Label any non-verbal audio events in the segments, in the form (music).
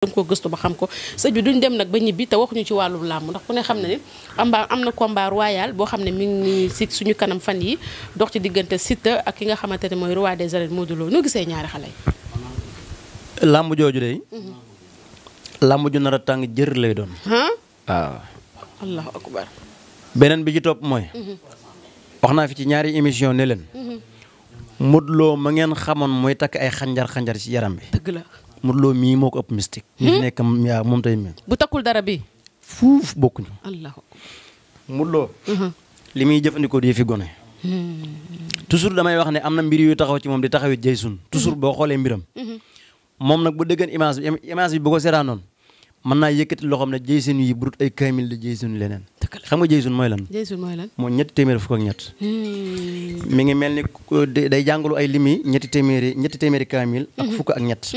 danga ko gëstu ba xam ko sëj bi duñ dem nag ba ñibbi te waxuñu ci wàllu làmb ndax ku ne xam na ne amba am na combat royal boo xam ne mi ngi si suñu kanam fan yi dox ci diggante Siteu ak ki nga xamante ne mooy roi des arènes Modou Lo noo gisee ñaari xale yi làmb jooju de mhm. làmb ju nar a tàng jër lay doon beneen bi ci topp mooy mhm. wax naa fi ci ñaari émission ne leen mhm. Modou ma ngeen xamoon mooy takk ay xanjar xanjar ci yaram bi dëgg la Modou Lo mii moo ko ëpp mystique. mi hmm? fi nekk moom tey mi. bu takkul dara bi uh-huh. jëfandikoo di fi gone. Hmm. toujours damay wax ne am na mbir yu taxaw ci moom di taxaw it jëy sun hmm. toujours boo xoolee mbiram. Uh-huh. moom nag bu dëggan image bi image bi bu ko seetaanoon mën naa yëkkati loxoom ne jëy sun yi burut ay kaamil de jëy sun leneen. xam nga jëy sun mooy lan. jëy sun mooy lan mooy ñetti téeméer mi ngi fukk ak ñett.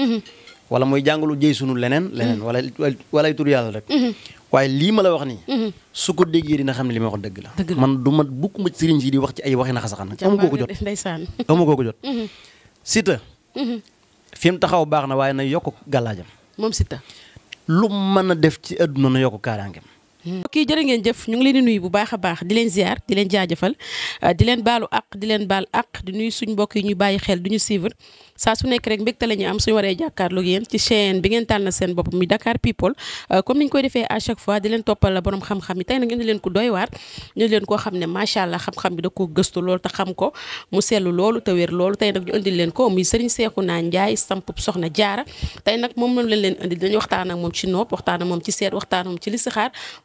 wala muy jàngalu jëy sunu leneen leneen mm-hmm. wala walay tur yàlla rek mm-hmm. waaye lii ma la wax nii mm-hmm. su ko déggee dina xam ne li may wax dëgg la man du ma bukk ma sëriñ si di wax ci ay waxi na xasaxan amu koo ko jot amu koo ko jot Siteu fi mu taxaw baax na waaye na yokk gàllaajam moom Siteu lu mën a def ci adduna na yokk kaaraangeem kii jërë ngeen jëf ñu ngi leen di bu baax a baax di leen ziar di leen jaajëfal euh, di leen baalu àq di leen baal àq di nuyu suñu mbokk yi ñuy bàyyi xel du ñu suivre saa su nekk rek mbégte la ñu am suñu waree jàkkaarloog yéen ci chaîne bi ngeen tànn seen bopp mi Dakar People euh, comme ni ñu koy defee à chaque fois di leen toppal la borom xam-xam yi tey nag indi leen ko doy waar ñu leen xam ne macha allah xam-xam bi da koo gëstu loolu te xam ko mu sellu loolu te loolu tey nag ñu indil leen ko muy Serigne Cheikhouna Ndiaye sampub soxna jaara tey nag moom lañ leen indi dañu waxtaan ak moom ci nopp waxtaan ak moom ci seet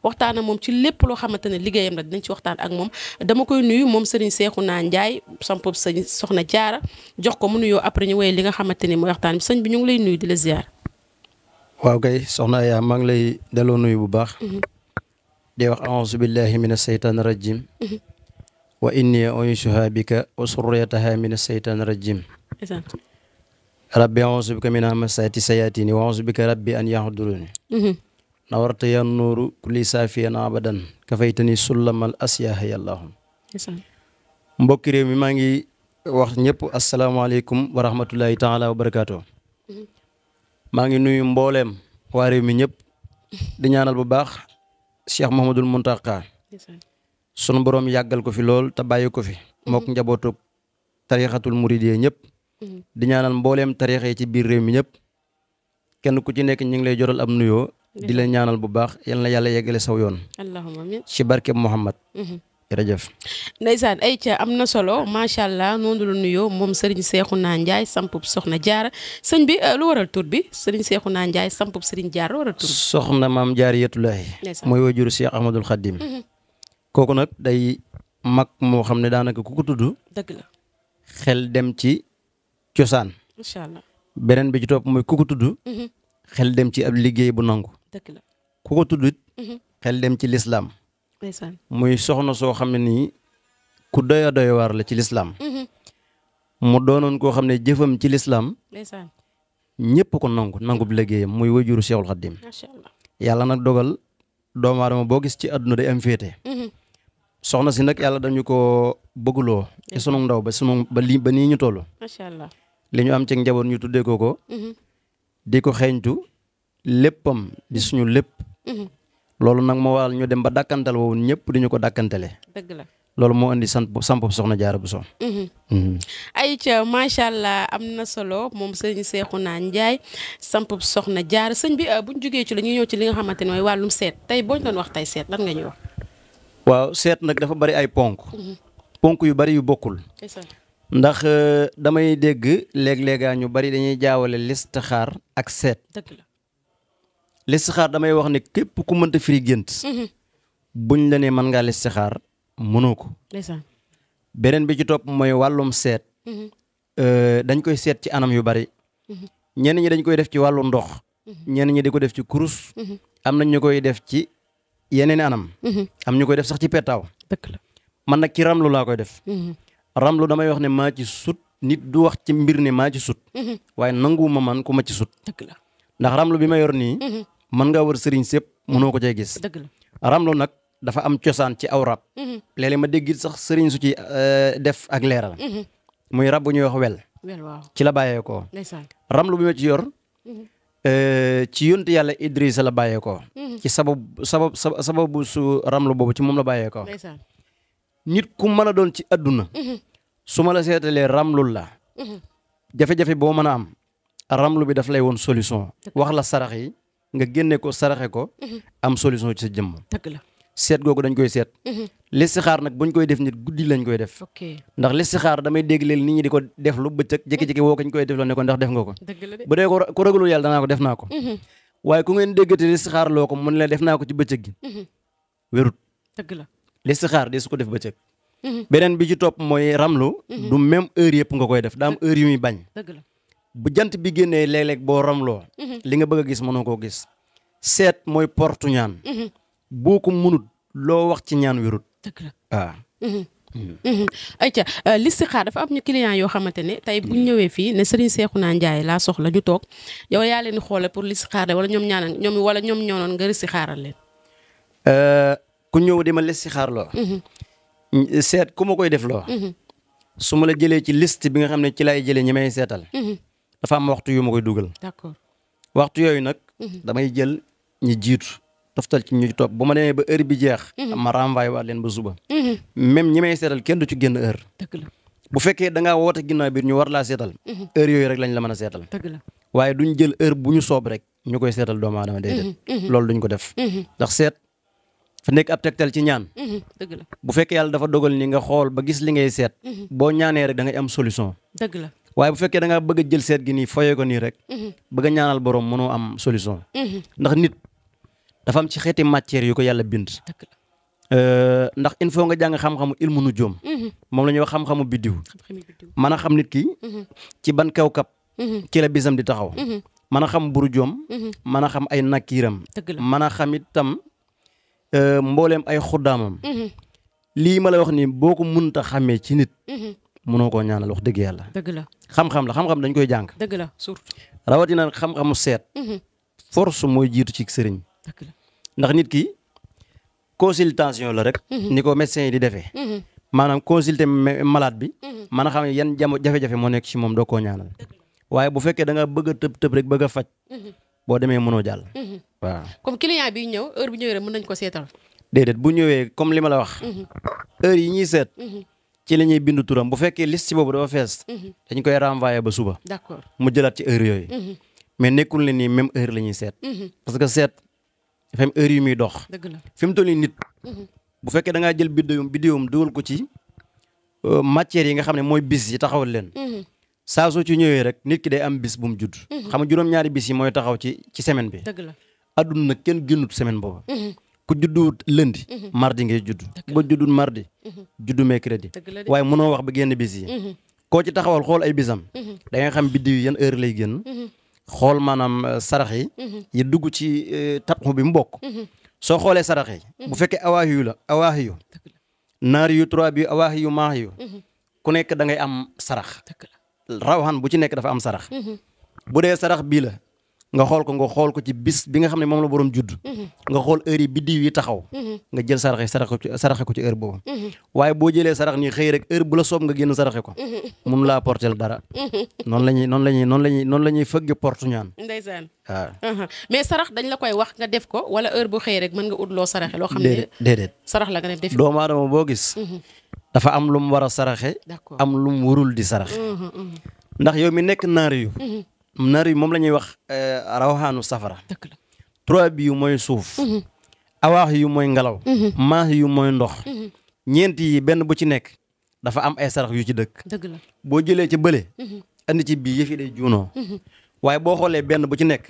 waxtaan ak moom lépp loo xamante ne liggéeyam la dinañ ci waxtaan ak moom dama koy nuyu moom Serigne Cheikhouna Ndiaye sampoob sëñ soxna jaara jox ko mu nuyoo après ñu li nga xamante ni mooy waxtaan bi sëñ bi ñu ngi lay nuyu di la waaw kay soxna yaa maa ngi lay delloo nuyu bu baax. Mhm. di wax aouzu billahi min aseytaan rajim mhm. wa inni unsuha bika wa surriyataha min aseytaan rajim rabbi aouzu wa aouzu bika rabbi an yahduruni mhm. nawarta ya nuuru kulli saafiyan abadan kafaytani sullamal asyaah yàllaahu mbokki réew mi maa ngi wax ñëpp asalaamaaleykum wa rahmatulahi taala wa barakaatu maa ngi nuyu mbooleem waa réew mi ñëpp di ñaanal bu baax Cheikh Mouhamadul Mountakha sunu borom yàggal ko fi lool te bàyyi ko fi mook mm-hmm. njabootu tarixatul muridiyya ñëpp mm-hmm. di ñaanal mbooleem tarix ci biir réew mi ñëpp kenn ku ci nekk ñu ngi lay joral am nuyoo di la ñaanal bu baax yal na yàlla yeggale saw yoon. allahumma amiin ci barke Muhammad. Mm-hmm. jërëjëf. ndeysaan ay ca am na solo macha allah noonu la nuyoo moom Serigne Cheikhouna Ndiaye sampub Soxna Jaara sëñ bi euh, lu waral tur bi Serigne Cheikhouna Ndiaye sampub Serigne Jaara lu waral soxna maam Jaara Yatulaahi. mooy wajuru Cheikh Ahmadul Khadim. Mm-hmm. kooku nag day mag moo xam ne daanaka ku ko tudd. dëgg xel dem ci cosaan. incha allah beneen bi ci topp mooy ku ko tudd. Mm-hmm. xel dem ci ab liggéey bu nangu. dëgg la ku ko tudd it mhm. xel dem ci lislaam muy soxna soo xam ne nii ku doya war la ci lislaam mhm. mu doonoon koo xam ne jëfam ci lislaam ñëpp ko nangu nangu bu liggéeyam muy wajuru Seexul Xaddim yàlla nag dogal doomu aadama boo gis ci àdduna day am féete mhm. soxna si nag yàlla dañu ko bëgguloo ci sunu ndaw ba sunu ba nii ñu toll li ñu am ci njaboot ñu tuddee ko ko di ko xeeñtu léppam di suñu lépp. Mm-hmm. loolu nag moo waral ñoo dem ba dàkkantal woowu ñëpp di ñu ko dàkkantale. dëgg la. loolu moo indi sant samp soxna jaara bu so mm-hmm. mm-hmm. ayca macha allah am na solo moom sëñ Seexuna Njaay samp soxna jaar sëñ bi euh, bu ñu jógee ci la ñuy ñëw ci li nga xamante ni mooy wàllum seet tey boo ñu doon wax tey seet lan nga ñuy waaw seet nag dafa bari ay ponk. ponk yu bari yu bokkul. ndax euh, damay dégg léeg-léegaa ñu bari dañuy jaawale listixaar ak seet. listixaar damay wax ne képp ku mënta firi gént mhm. buñ la ne mën ngaa listixaar mënoo ko beneen bi ci topp mooy wàllum seet mhm. euh, dañ koy seet ci anam yu bari mhm. ñenn ñi dañ koy def ci wàllu ndox ñenn ñi di ko def ci kurus am nañ ñu koy def ci yeneen anam am ñu koy def sax ci pettaaw man nag ci ramlu laa koy def ramlu damay wax ne maa ci sut nit du wax ci mbir ne maa ci sut waaye nanguwuma man ku ma ci sut ndax ramlu bi ma yor nii mën ngaa war sëriñ sépp mënoo ko cee gis ramlu nag dafa am cosaan ci aw rab mhm. léeg ma dégg sax sëriñ su ci euh, def ak leeral mhm. muy rab bu ñuy wax wel ci la bàyyee ko ramlu bi ma ci yor mhm. euh, ci yontu yàlla Idrissa la bàyyee ci sabab sabab sababu su ramlu boobu ci moom la bàyyeekoo ko nit ku mën a doon ci adduna su ma la seetalee ramlul la jafe-jafe boo mën a am ramlu bi daf lay woon solution wax la sarax yi nga génne ko saraxe ko mhm. am solution ci sa jëmm dëgg la seet googu dañ koy seet mhm. listixaar nag buñ koy def nit guddi lañ koy def ndax listixaar damay dégg leen nit ñi di ko def lu bëccëg jékki-jékki woo kañ koy def loo ne ko ndax def nga ko bu dee ko ragalul yàlla danaa ko def naa ko mhm. waaye ku ngeen déggate listixaar loo ko mun la def naa ko ci bëccëg gi wérut listixaar de su ko def bëccëg beneen bi ci topp mooy ramlu du même heure yëpp nga koy def daa am yu muy bañ bu jant bi génnee léeg-léeg boo ramloo mhm. li nga bëgg a gis mënoo koo gis seet mooy portu ñaan mhm. boo ko munut loo wax ci ñaan wérut waaw ayca listixaar dafa am ñu client yoo xamante ne tey bu ñëwee fii ne Serigne Cheikhouna Ndiaye laa soxla ñu toog yow yaa leen di xoole pour listixaar de wala ñoom ñaanal ñoom wala ñoom ñoonoon nga listixaaral leen euh, ku ñëw di ma listixaar loo mhm. seet ku ma koy def loo su ma la jëlee ci liste bi nga xam ne ci lay jëlee ñi seetal dafa am waxtu yu ma koy dugal. d'accord waxtu yooyu nag. Mhm. damay jël ñi jiitu. toftal ci ñu topp bu ma demee ba heure bi jeex. Mhm. ma renvoyé waat leen ba suba. Mhm. même ñi may seetal kenn du ci génn heure. bu fekkee da ngaa ginnaaw biir ñu war laa seetal. heure yooyu rek lañ la mën a seetal. waaye duñ jël heure bu ñu soob rek ñu koy seetal doomu aadama déedéet. loolu duñ ko def. ndax seet fa nekk ab tegtal ci ñaan. bu fekkee yàlla dafa dogal ni nga xool ba gis li ngay seet. boo ñaanee rek da ngay am solution. dëgg la waaye bu fekkee da bëgga jël seet gi nii foyee nii rek. Mhm. bëgga ñaanal borom mënoo am solution. Mhm. ndax nit dafa am ci xeeti matière yu ko yàlla bind. Euh, ndax in faut nga jàng xam-xamu ilmu nu joom mhm. moom la ñuy wax xam-xamu biddiw. mën a xam nit ki. ci ban kaw kap. ci la bisam di taxaw. mën a xam buru joom mën a xam ay nakkiiram. mën a xam itam euh, mbooleem ay xuddaamam. lii ma la wax nii boo ko munta xamee ci nit. mënoo koo ñaanal wax dëgg yàlla. dëgg la xam-xam la xam-xam dañ koy jàng. dëgg la surtout. rawatina xam-xamu seet. Mhm. force mooy jiitu ci sëriñ. dëgg la ndax nit ki consultation la mhm. ni ko médecin yi di defee. Mhm. maanaam consulter malade bi. mën a xam yan jafe-jafe moo nekk ci moom doo koo ñaanal. waaye bu fekkee da nga bëgg a tëb tëb rek bëgg a faj. boo demee mënoo jàll. waaw comme client bi ñëw heure bu ñëwee rek mën nañu ko seetal. déedéet bu ñëwee comme li ma wax. heure yi ñuy seet. ci la ñuy bind turam bu fekkee liste boobu dafa fees. Mhm. dañ koy renvoyer ba suba. d'accord mu jëlaat ci heure yooyu. Mhm. mais nekkul ne nii même heure la ñuy seet. Mhm. parce que seet dafa am heure yu muy dox. dëgg la fi mu toll nii nit. bu fekkee da ngaa jël biddewoom biddewoom dugal ko ci euh, matières yi nga xam ne mooy bis yi taxawal leen. saa soo ci ñëwee rek nit ki day am bis bu mu judd. xam nga juróom-ñaari bis yi mooy taxaw ci ci semaine bi. dëgg la adduna nag kenn génnut semaine boobu. ku juddu lundi. Mhm. mardi ngay judd. ba juddu mardi. Mhm. juddu mercredi. waaye mënoo wax ba génn bis yi. Mhm. koo ci taxawal xool ay bisam. da xam biddiw yi yan heure lay génn. xool maanaam euh, sarax yi. yi dugg ci euh, tapxu bi mu soo xoolee sarax yi. bu fekkee awaahi yu la awaahi yu. naar yu trois bi awaahi yu maax yu. ku nekk da ngay am sarax. rawaxan bu ci nekk dafa am sarax. bu dee sarax bii la nga xool ko nga xool ko ci bis bi nga xam ne moom la borom judd mhm. nga xool heure yi biddiw yi taxaw mhm. nga jël saraxe saraxe ko ci saraxe ko ci heure boobu mhm. waaye boo jëlee sarax nii xëy rek heure bu la soob nga génn saraxe ko mun laa portel dara noonu la ñuy noonu la ñuy noonu la ñuy noonu fëgg porte ñaan uh-huh. mais sarax dañ la koy wax nga def ko wala heure bu xëy rek mën nga ut loo saraxe loo déedéet doomu aadama boo gis dafa am lu mu a saraxe am lu mu di saraxe ndax yow mi nekk naar yu nar yi moom la ñuy wax euh, rawaxaanu safara trois bi yu mooy suuf mhm. awaax yu mooy ngelaw mhm. maax yu mooy ndox mhm. ñeent yi benn bu ci nekk dafa am ay sarax yu ci dëkk boo jëlee ci bële andi ci bii yëf juunoo waaye boo xoolee benn bu ci nekk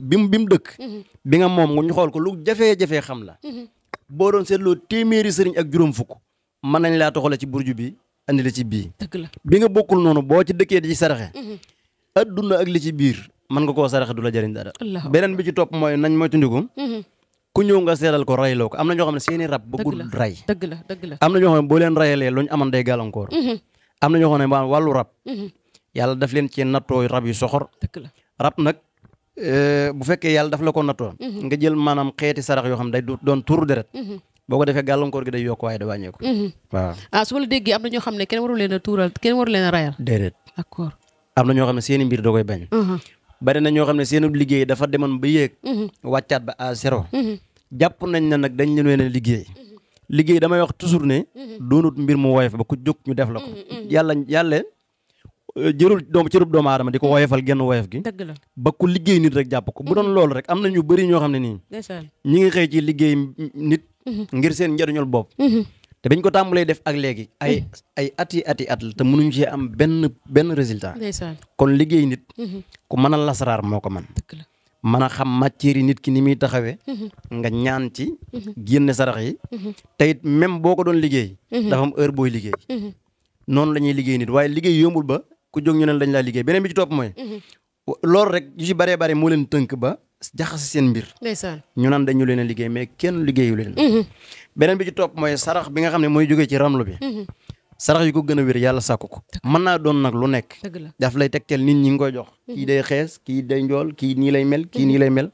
bi mu bi mu dëkk bi nga moom ñu xool ko lu jafee-jafee xam la boo doon seetloo téeméeri sëriñ ak juróom fukk mën nañ laa toxale ci burju bi andi la ci bii bi nga bokkul noonu boo ci dëkkee di ci saraxe adduna ak li ci biir mën nga koo saraxe du la jëriñ dara. beneen bi ci topp mooy nañ moytandiku. Mm-hmm. ku ñëw nga seeral ko rayloo ko am na ñoo xam ne seeni rab bëggul ray dëgg la dëgg la am na ñoo xam ne boo leen rayalee luñ amoon day gàllankoor mm-hmm. am na ñoo xam ne maanaam rab mm-hmm. yàlla daf leen ci nattoo rab yu soxor dëgg la rab nag euh, bu fekkee yàlla daf la ko nattoo nga jël maanaam xeeti sarax yoo xam ne day doon tuur deret boo ko defee gàllankoor gi day yokk waaye da wàññeeku waaw ah xam ne kenn waru leen a tuural kenn waru leen a rayal déedéet d'accord am na ñoo xam ne seeni mbir da koy bañ. Mhm. bari na ñoo xam ne seen liggéey dafa demoon ba yéeg. Mhm. wàccaat ba a zéro. Mhm. jàpp nañ ne nag dañ leen ween liggéey. liggéey damay wax toujours ne. doonut mbir mu woyof bakku ku ñu def la ko. yàlla yàlla euh, jërul doom cërub doomu aadama di ko woyofal genn woyof gi. dëgg la ba liggéey nit rek jàpp ko mu doon loolu rek am na ñu bëri ñoo xam ne nii. ñi ngi xëy ci liggéey nit. ngir seen njariñul bopp. te biñ ko tàmbalee def ak léegi ay mm. ay ati ati at la te mënuñ ci am benn benn résultat. kon liggéey nit. Mm-hmm. ku mën a moo ko man mën a xam matière nit ki ni muy taxawee. Mm-hmm. nga ñaan ci. Mm-hmm. génne sarax yi. te it même boo ko doon liggéey. dafa am booy liggéey. noonu la liggéey nit waaye liggéey yombul ba ku jóg ñu ne dañ laa liggéey beneen bi ci topp mooy. loolu rek yu ci baree bare moo leen tënk ba jaxas seen mbir. ñu naan dañu leen a liggéey mais kenn liggéeyu leen. beneen bi ci topp mooy sarax bi nga xam ne mooy jógee ci ramlu bi. Mhm. sarax yu ko gën a wér yàlla sàkku ko. mën naa doon nag lu nekk. daf lay tegteel nit ñi nga koy jox. Mhm. kii day xees kii day kii nii lay mel kii mhm. nii lay mel.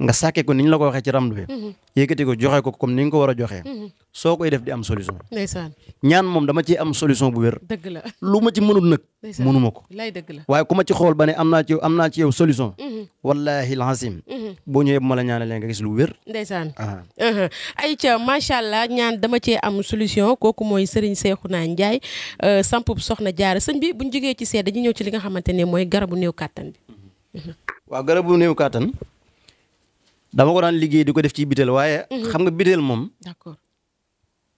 nga sàkkee ko ni ñu la ko waxee ci ramdu bi mhm. yëkkati ko joxe ko comme ni nga ko war a joxee mhm. soo koy def di am solution ndeysaan ñaan moom dama ci am solution bu wér dëgg la lu ma ci mënul nag mënuma ko lay dëgg la waaye ku ma ci xool ba ne am naa ci am naa ci yow solution mhm. wallahi alazim boo ñëwee bu ma la ñaanalee nga gis lu wér ndeysaan ay ah. ca macha allah ñaan dama cee am solution kooku mooy Serigne Cheikhouna Ndiaye euh, sampub soxna jaara sëñ bi buñ jógee ci seet dañu ñëw ci li nga xamante ne mooy garabu néew kàttan bi waaw garabu néew kàttan dama ko daan liggéey di ko def ci biteel waaye. Mhm. xam nga biteel moom. d'accord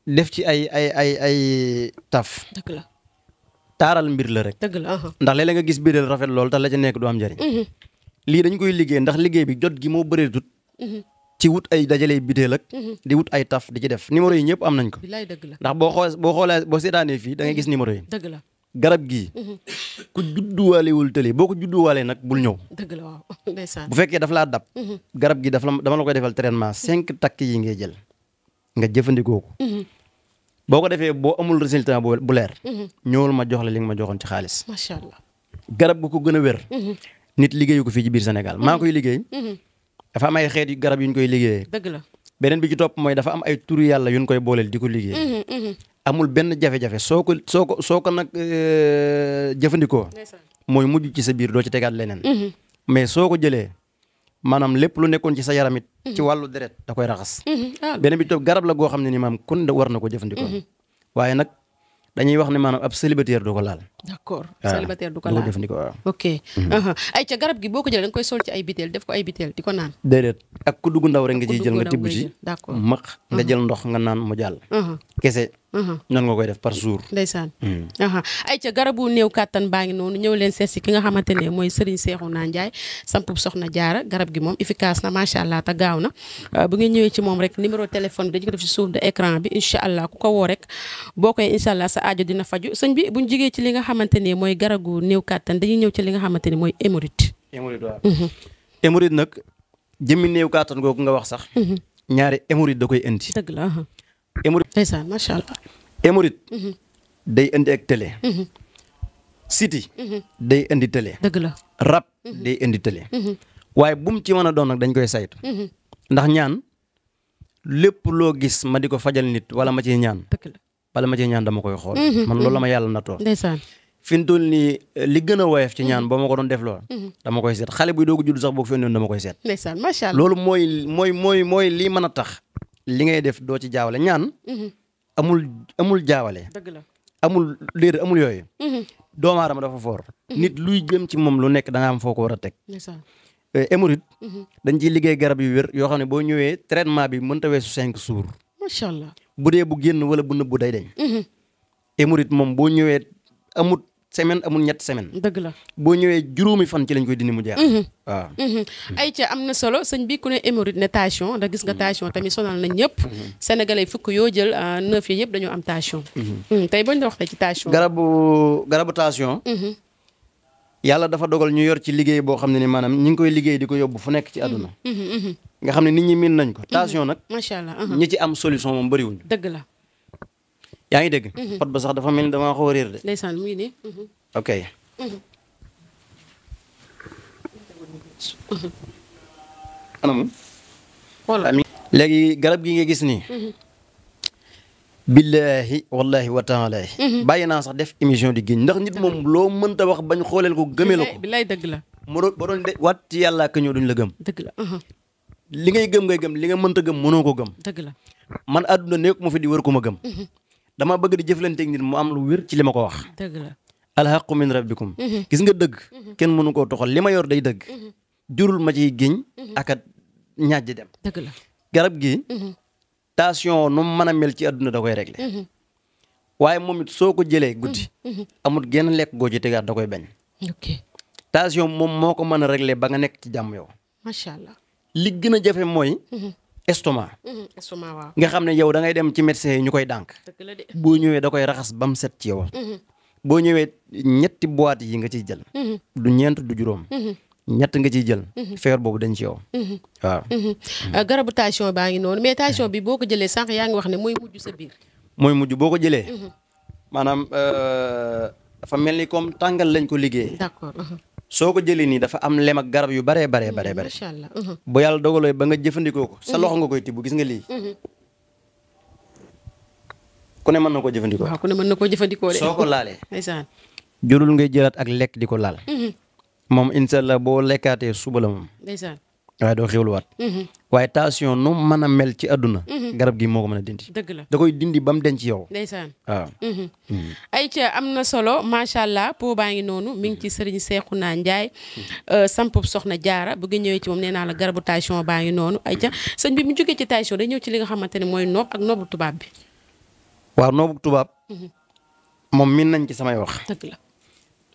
def ci ay ay ay ay taf. dëgg la taaral mbir la rek. dëgg la ndax léeg-léeg nga gis biteel rafet lool tax la ca nekk du am njariñ. Mhm. lii dañ koy liggéey ndax liggéey bi jot gi moo bëree tut mhm. ci wut ay dajale biteel ak. di wut ay taf di ci def numéro yi ñëpp am nañ ko. la ndax boo xoo boo xoolee boo seetaanee fii da ngay gis numéro yi. dëgg la. garab gii. Mhm. ku judduwaalewul tële boo ko judduwaalee nag bul ñëw. dëgg la (laughs) bu fekkee daf laa dab. Mhm. garab gi daf la dama la koy defal traitement mhm. cinq takk yi ngay jël nga jëfandikoo ko. boo ko defee boo amul résultat bu leer. ñëwul ma jox la li nga ma joxoon ci xaalis. macha allah garab gu ko gën a wér. nit liggéeyu ko fii ci biir Sénégal maa koy liggéey. dafa am ay xeet garab yu ñu koy liggéeyee. dëgg la beneen bi ci topp mooy dafa am ay turu yàlla yu koy booleel di ko liggéey. amul benn jafe-jafe soo ko soo ko soo ko nag euh, jëfandikoo. mooy mujj ci sa biir doo ci tegaat leneen. Mhm. mais soo ko jëlee maanaam lépp lu nekkoon ci sa yaram mhm. ci wàllu deret da koy raxas. Mhm. Ah, beneen bi toog garab la goo xam ne ni maam kun war na ko jëfandikoo. waaye nag dañuy wax ne maanaam ab célibataire du ko laal. d'accord célibataire ko laal jëfandikoo waaw. ok. ay ca garab gi boo ko jëlee koy sol ci ay biteel def ko ay biteel di ko naan. déedéet ak ku dugg ndaw rek nga ciy jël nga tibb ci. d'accord maq nga jël ndox nga naan mu Mhm. nan nga koy def par jour. ndeysaan. Mm. ay ca garabu néew kàttan baa ngi noonu ñëw leen seet si ki nga xamante ne mooy Serigne Cheikhouna Ndiaye sampub soxna jaara garab gi moom efficace na macha allah te gaaw na ah, bu ngeen ñëwee ci moom rek numéro téléphone bi dañu si suuf de écran bi ku ko woo rek boo koy incha allah sa aajo dina faju sëñ bi buñ jigee ci li nga xamante ne mooy garabu néew kàttan dañuy ñëw ci li nga xamante ne mooy hémorroïde. hémorroïde waaw. Mhm. hémorroïde nag jëmmi néew kàttan kooku nga wax sax. Mhm. ñaari hémorroïde da koy indi. dëgg la. émorite ndeysaan macha mhm. day indi ak télé siti mhm. mhm. day indi télé dëgg la rab day indi télé waaye bu mu ci mën a doon nag dañ koy saytu ndax ñaan lépp loo gis ma di ko fajal nit wala ma ci ñaan wala ma ci ñaan dama koy xool man loolu la ma yàlla natoo ndeysaan fi mu toll nii eh, li gën a woyof ci ñaan boo ma ko doon def lool dama koy seet xale buy doogu judd sax boo ko fennoon dama koy seet loolu mooy mooy mooy mooy lii mën a tax li ngay def doo ci jaawale ñaan. Mhm. amul amul jaawale. dëgg la amul léer amul yooyu. Mhm. doomu aadama dafa foor mhm. nit luy jëm ci moom lu nekk da am foo ko war a teg. Eh, hémorroïde dañ ci liggéey garab yu wér yoo xam ne boo ñëwee traitement bi mënta weesu cinq jours. macha allah bu dee bu génn wala bu nëbbu day deñ. hémorroïde moom boo ñëwee amut semaine amul ñetti semaine. dëgg la boo ñëwee juróomi fan ci lañ koy dindi mu jeex. Mhm. waaw. Mhm. ayca am na solo sëñ bi ku ne hémorroïde ne tension da gis nga mhm. tension tamit sonal nañ ñëpp. sénégalais fukk yoo jël euh, neuf yi yëpp dañoo am tension. tey bañ la wax ci tension. garabu garabu tension. yàlla dafa dogal ñu yor ci liggéey boo xam ne ni maanaam ñi ngi koy liggéey di ko yóbbu fu nekk ci àdduna. nga xam ne nit ñi miin nañ ko. tension nag. macha allah ñi uh-huh. ci am solution moom bëriwuñ. dëgg yaa ngi dégg. xot mhm. ba sax dafa mel ni damaa xaw a réer de. ndeysaan muy nii. Mhm. ok. Mhm. anamu. xoolal léegi garab gi nga gis nii. billahi wallahi wa taala bàyyi naa sax def émission di génn ndax nit moom loo mënta wax bañ xooleel ko gëmee la ko. Eh, billahi dëgg la. moo doon ba doon de waat duñ la gëm. dëgg li ngay gëm ngay gëm li nga mënta gëm mënoo ko gëm. dëgg la man àdduna nekk mu fi di wër ko gëm. dama bëgg di jëflanteeg nit mu am lu wér ci li ma ko wax. dëgg la alxaqu min rabbikum mhm. Mhm. gis nga dëgg. Mhm. kenn mënu koo toxal li ma yor day dëgg. jurul ma ci géñ. ak a ñaaj dem. dëgg la garab gi. tension nu mën a mel ci àdduna da koy régler. waaye moom it soo ko jëlee guddi. amut genn lekk goo ci tegaat da koy bañ. ok moom moo ko mën a régler ba nga nekk ci jàmm yow. macha allah li gën a jafe mooy. estoma estomac mhm, nga xam ne yow dangay dem ci médecin yi ñu koy dànk. boo ñëwee da koy raxas ba mu set ci yow. Mhm. boo ñëwee ñetti boîte yi nga ciy jël. Mhm. du ñeent du juróom. ñett nga ciy jël. feer boobu dañ ci yow. Euh, garabu tension baa ngi noonu mais tension bi boo ko jëlee sànq yaa ngi wax ne mooy mujj sa biir. mooy mujj boo ko jëlee. maanaam euh, dafa mel ni comme tàngal lañ ko liggéey. d'accord. Uh-huh. soo ko jëlee nii dafa am lem garab yu baree baree mm, baree bare uh-huh. bu yàlla dogalee ba nga jëfandikoo ko sa mm-hmm. loxo nga koy tibb gis nga lii mm-hmm. ku ne mën na koo jëfandikoo ko ku mën na koo jëfandikoo de soo ko laalee (laughs) ndeysaan jurul ngay jëlaat ak lekk di ko laal mm-hmm. moom inshallah boo lekkaatee suba la moom ndeysaan waaye doo xewluwaat waaye tension nu mën a mel ci àdduna. Mhm. garab gii moo ko mën a dindi. dëgg la da koy dindi ba mu denc yow. ndeysaan waaw. Mhm. Mhm. ayca am na solo macha allah po baa ngi noonu mi ngi ci sëriñ Seexuna Njaay sampub soxna jaara bu nga ñëwee ci moom nee naa la garabu tension baa ngi noonu ay ayca sëñ bi mu jógee ci tension day ñëw ci li nga xamante ne mooy noob ak noobu tubaab bi. waaw noobu tubaab. moom min nañ ci samay wax. dëgg la.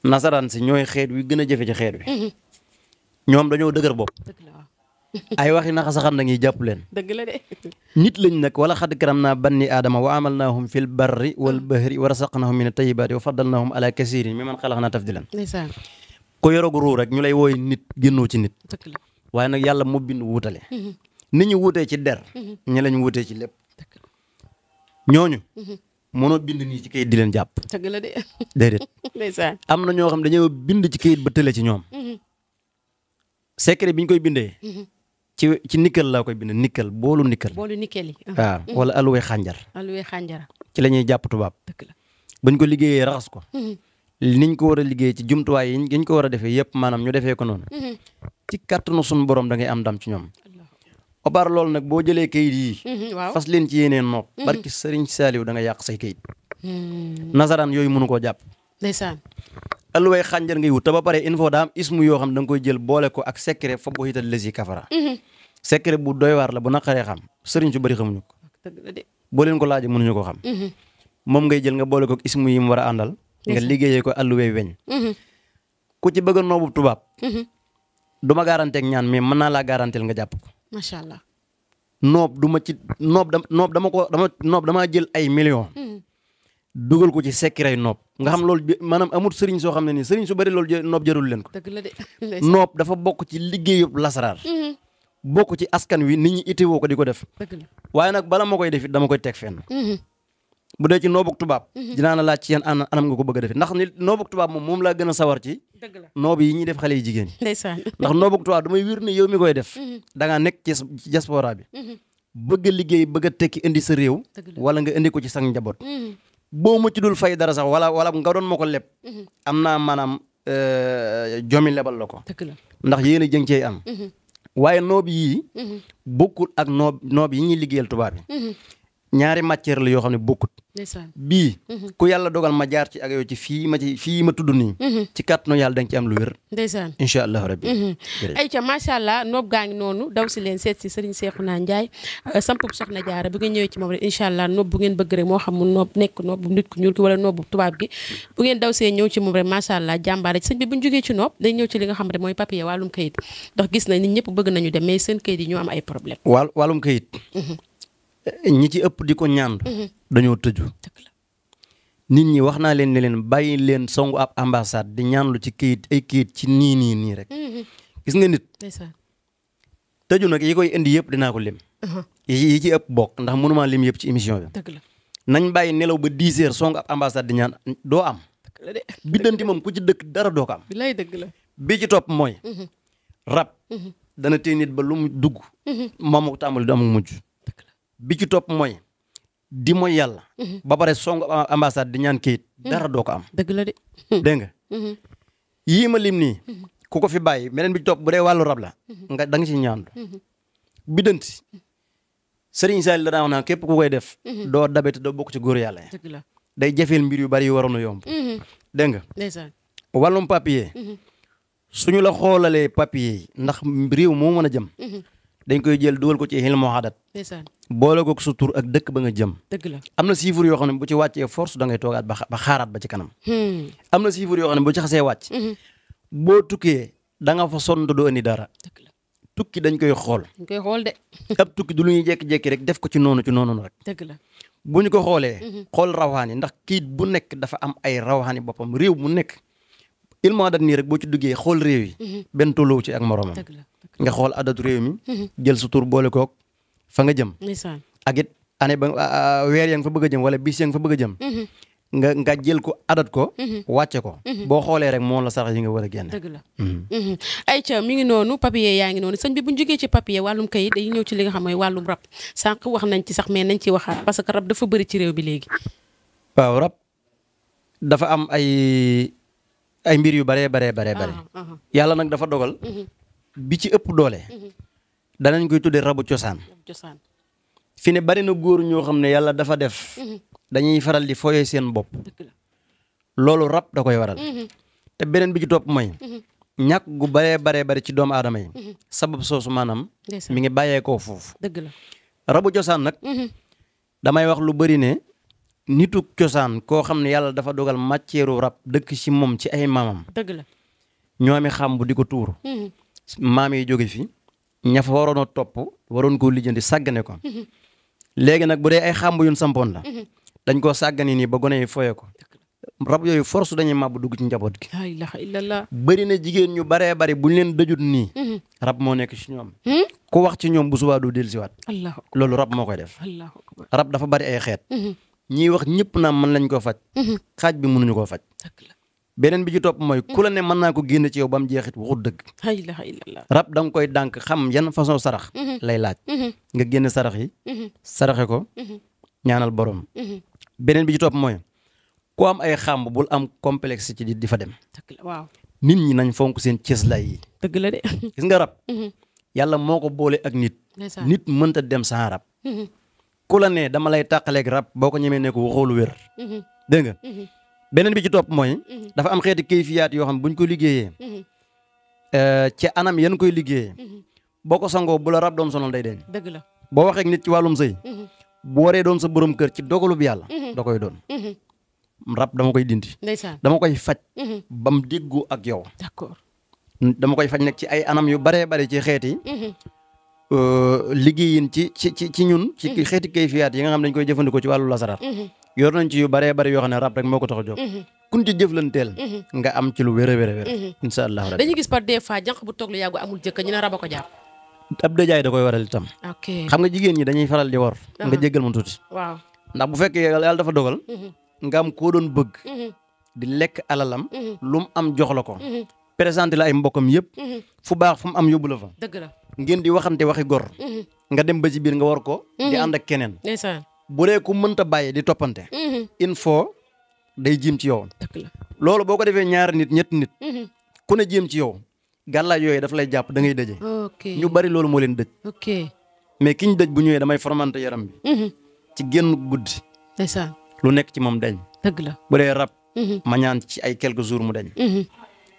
nasaraan si ñooy xeet wi gën a jafe ci xeet wi. ñoom dañoo dëgër ay waxi naxa saxan na ngi jàpp leen. dëgg la de. nit lañ nag wala xad karam naa banni aadama wa amalnaahum fil barri wal bahri wa rasaqnahum min at-tayyibaati wa faddalnaahum ala kasiirin mimman xalaqnaa tafdiilan. ndeysaan. ku yoroogu ruu rek ñu lay wooy nit génnoo ci nit. dëgg la waaye nag yàlla mu bind wuutale. Mm-hmm. ni ñu wuutee ci der. Mm-hmm. ñi lañ wuutee ci lépp. ñooñu. Mm-hmm. mënoo bind nii ci kayit di leen jàpp. dëgg la de. déedéet. (laughs) ndeysaan am na ñoo xam dañoo bind ci kayit ba tële ci ñoom. secret bi ñu koy bindee. ci ci nickel laa koy bind nickel boolu nickel. boolu nickel yi. Ah. waaw mm. wala alluwee xànjar. alluwee xànjar. ci la ñuy jàpp tubaab. bañ ko liggéeyee raxas ko. Mm-hmm. niñ ko war a liggéey ci jumtuwaay yi ñu ko war a defee yëpp maanaam ñu defee ko noonu. Mm-hmm. ci kàttanu sunu borom da ngay am ndam ci ñoom. obaar loolu nag boo jëlee kayit yi mm-hmm, waaw fas leen ci yéeneen nopp. barki Serigne Saliou da nga yàq say kayit. nasaraan yooyu mënu koo jàpp. alluwaay xànjar ngay wut te ba pare info daa am ismu yoo xam da nga koy jël boole ko ak secret fa boo hital lesi kafara mhm. secret bu doy waar la bu naqaree xam sëriñ su bëri xamuñu ko boo leen ko laajee mënuñu ko xam mhm. moom ngay jël nga boole ko ismu yi mu war a àndal nga liggéeyee ko alluwaay weñ mhm. ku ci bëgg a noobu tubaab du ma garanté ak ñaan mais mën naa laa garantel nga jàpp ko macha noob du ci noob da noob dama ko jël ay millions dugal ko ci secret nopp nga xam loolu maanaam amut sëriñ soo xam ne nii sëriñ su bari loolu nopp jarul leen ko. dëgg la de dafa bokk ci liggéeyub lasaraar. Mm-hmm. bokk ci askan wi ni ñi itteewoo ko di ko def. waaye nag bala ma koy def it dama koy teg fenn. Mm-hmm. bu dee ci noobuk tubaab. Mm-hmm. dinaa la laaj ci yan anam nga ko bëgg a defee ndax ni noobuk tubaab moom moom laa gën a sawar ci. dëgg la noob yi ñuy def xale yi jigéen ñi. ndeysaan ndax noobuk tubaab damay wér ne yow mi koy def. da ngaa nekk ci diaspora bi. bëgg liggéey bëgg tekki indi sa réew. wala nga indi ko ci sa njaboot. boo ma ci dul fay dara sax wala wala nga doon ma ko leb. Mhm. am naa maanaam euh, jomi lebal la ko. ndax yéen a jën cee am. Mhm. waaye noob yii. Mhm. bokkul ak noob noob yi ñuy liggéeyal tubaab bi. ñaari matière la yoo xam ne bokkut bii mhm. ku yàlla dogal ma jaar ci ak yow ci fii ma fii ma tudd nii mhm. ci kàttanu yàlla da nga ci am lu wér ndeysaan incha allahu rabbi mhm. ayca macha allah noob gaa ngi noonu daw si leen seet si sëriñ Seexuna Njaay sampub soxna jaara bi nga ñëwee ci moom rek incha allah noob bu ngeen bëgg rek moo xam mu noob nekk noob bu nit ku ñuul ki wala noob bu tubaab gi bu ngeen daw see ñëw ci moom rek macha allah jàmbaare ci sëñ bi bu ñu jógee ci noob dañ ñëw ci li nga na nit ñëpp bëgg nañu dem mais seen kayit yi ñoo am ay problème wàllum kayit ñi ci ëpp di ko ñaandu mm-hmm. dañoo tëju ñi wax naa leen ne leen bàyyi leen songu ab ambassade di ñaanlu ci kayit ay kayit ci nii nii nii rek mm-hmm. gis nga nit tëju nag yi koy indi yëpp dinaa ko lim uh-huh. yi ci ëpp bokk ndax mënumaa lim yëpp ci émission bi nañ bàyyi nelaw ba dix heures songu ab ambassade di ñaan doo am biddanti moom ku ci dëkk dara doo ko am bilaay dëgg la bi ci topp mooy mm-hmm. rab dana téye nit ba lu mu dugg moomu tàmbali du am mujj bi ci topp mooy di mooy yàlla. Mhm. ba pare song ambassade di ñaan kayit. Mhm. dara doo ko am. dëgg la de. (laughs) nga. Mhm. yii ma lim nii. ku ko fi bàyyi beneen bi ci topp bu dee wàllu rab la. nga da si ñaan. biddanti Serigne Sall la daan wax képp ku koy def. doo dabete doo bokk ci góor yàlla ya. la day jafeel mbir yu bari yu waroon a yomb. dégg nga. ndeysaan suñu la xoolalee papier yi ndax réew moo mën a jëm. dañ koy jël dugal ko ci xilmu xadat boole ko sa tur ak dëkk ba nga jëm dëgg la am na siifur yoo xam ne bu ci wàccee force da ngay toogaat ba xaaraat ba ci kanam hmm. am na siifur yoo xam ne bu ci xasee wàcc hmm. boo tukkee da nga fa sonn doo indi dara tukki dañ koy xool dañ koy xool de (laughs) ab tukki du lu ñuy jékki-jékki rek def ko ci noonu ci noonu rek dëgg la bu ñu ko xoolee hmm. xool rawaani ndax kiit bu nekk dafa am ay rawaani boppam réew mu nekk ilmu adat nii rek boo ci duggee xool réew yi. Mhm. benn tolluwu ci ak moromam. nga xool adat réew mi. Mhm. jël sa boole kook fa nga jëm. ak it ba a ya nga fa a jëm wala bis ya nga fa bëgg a jëm. Mhm. nga nga jël ko adat ko. wàcce ko. boo xoolee a ngi noonu papier yaa ngi noonu sëñ bi bu ñu jógee ci papier wàllum kayit dañuy ñëw ci li xam mooy wàllum rab sànq wax nañ ci sax mais nañ ci waxaat parce que rab dafa bëri ci réew bi léegi. waaw rab dafa am ay ay mbir yu baree baree baree bare yàlla nag dafa dogal mhm. bi ci ëpp doole mhm. danañ koy tuddee rabu cosaan fi ne bari na góor ñoo xam ne yàlla dafa def mhm. dañuy faral di fooyee seen bopp loolu rab da koy waral te beneen bi ci topp mooy ñàkk gu baree baree bari ci doomu aadama yi sabab soosu maanaam mi ngi bàyyee koo foofu rabu cosaan nag damay wax lu bëri ne nitu cosaan koo xam ne yàlla dafa dogal màcceeru rab dëkk ci moom ci ay maamam. dëgg la ñoomi xam di ko tuur. Mm-hmm. maam yi jóge fi ñaf fa waroon a topp waroon koo lijjandi sàggane ko. Mm-hmm. léegi nag bu dee ay xàmb yu sampoon la. Mm-hmm. dañ koo sàggane nii ba gone yi foyee ko. rab yooyu force dañuy màbb dugg ci njaboot gi. la ilaha na jigéen ñu baree bari buñ leen dëjut nii. rab moo nekk ci ñoom. Hmm? ku wax ci ñoom bu subaa du dellusiwaat. allahu akbar loolu rab moo koy def. allahu rab dafa bari ay xeet. ñiy wax ñëpp naa mën lañ koo faj. Mhm. xaaj bi mënuñu koo faj. beneen bi ci topp mooy mhm. ku la ne mën naa ko génne ci yow ba mu jeexit waxut dëgg. rab da nga koy dànk xam yan façon sarax. Mhm. lay laaj. nga génne sarax yi. saraxe ko. ñaanal borom. beneen bi ci topp mooy ku am ay xàmb bul am complexe ci di fa dem. waaw nit ñi nañ fonk seen cëslaay yi. dëgg la de. gis nga rab. yàlla moo ko boole ak nit. nit mënta dem sans rab. ku la ne dama lay tàqaleeg rab boo ko ñemee ne ko waxoo lu wér. Mhm. Mhm. beneen bi ci topp mooy. Mhm. dafa am xeeti kayfiyaat yoo xam buñ ko liggéeyee. Eh, ci anam yan koy liggéeyee. boo ko sangoo bu la rab doom sonal day deñ dëgg la boo waxee nit ci wàllum sëy. bu waree doon sa borom kër ci dogalub yàlla. da koy doon. rab dama koy dindi. ndeysaan dama koy faj. ba mu déggu ak yow. d'accord dama koy faj nag ci ay anam yu baree bare ci xeet yi. Euh, liggéeyin ci ci ci ci ñun. ci mhm. xeeti kayfiyaat yi nga xam dañ koy jëfandikoo ci wàllu lasaraar. Mhm. yor nañ ci yu baree bari yoo xam ne rab rek moo ko tax a jóg. Mhm. kun ci jëflanteel. nga am ci lu wér a wér a wér. incha allah dañuy gis par des fois jànq bu toog lu yàggu amul jëkkër ñu ne rab a ko jàpp. ab dëjaay da koy waral itam. ok xam nga jigéen ñi dañuy faral di wor. nga jéggal ma tuuti. waaw ndax bu fekkee yàlla dafa dogal. nga am koo doon bëgg. di lekk alalam. lu mu am jox la ko. présenté la ay mbokkam yëpp. fu baax fu mu am yóbbu fa. dëgg la ngeen di waxante waxi gor. Mhm. nga dem ba ci biir nga war ko. di mhm. ànd ak keneen. bu dee ku mënta bàyyi di toppante. Mhm. il faut day jiim ci yow. loolu boo ko defee ñaari nit ñett nit. ku ne jiim ci yow. gàllaaj yooyu daf lay jàpp da ngay dëje. ñu bari loolu moo leen dëj. ok mais ki ñu bu ñëwee damay formante yaram bi. ci génn guddi. ndeysaan lu nekk ci moom dañ. dëgg la bu dee rab. ma ci ay quelques jours mu dañ.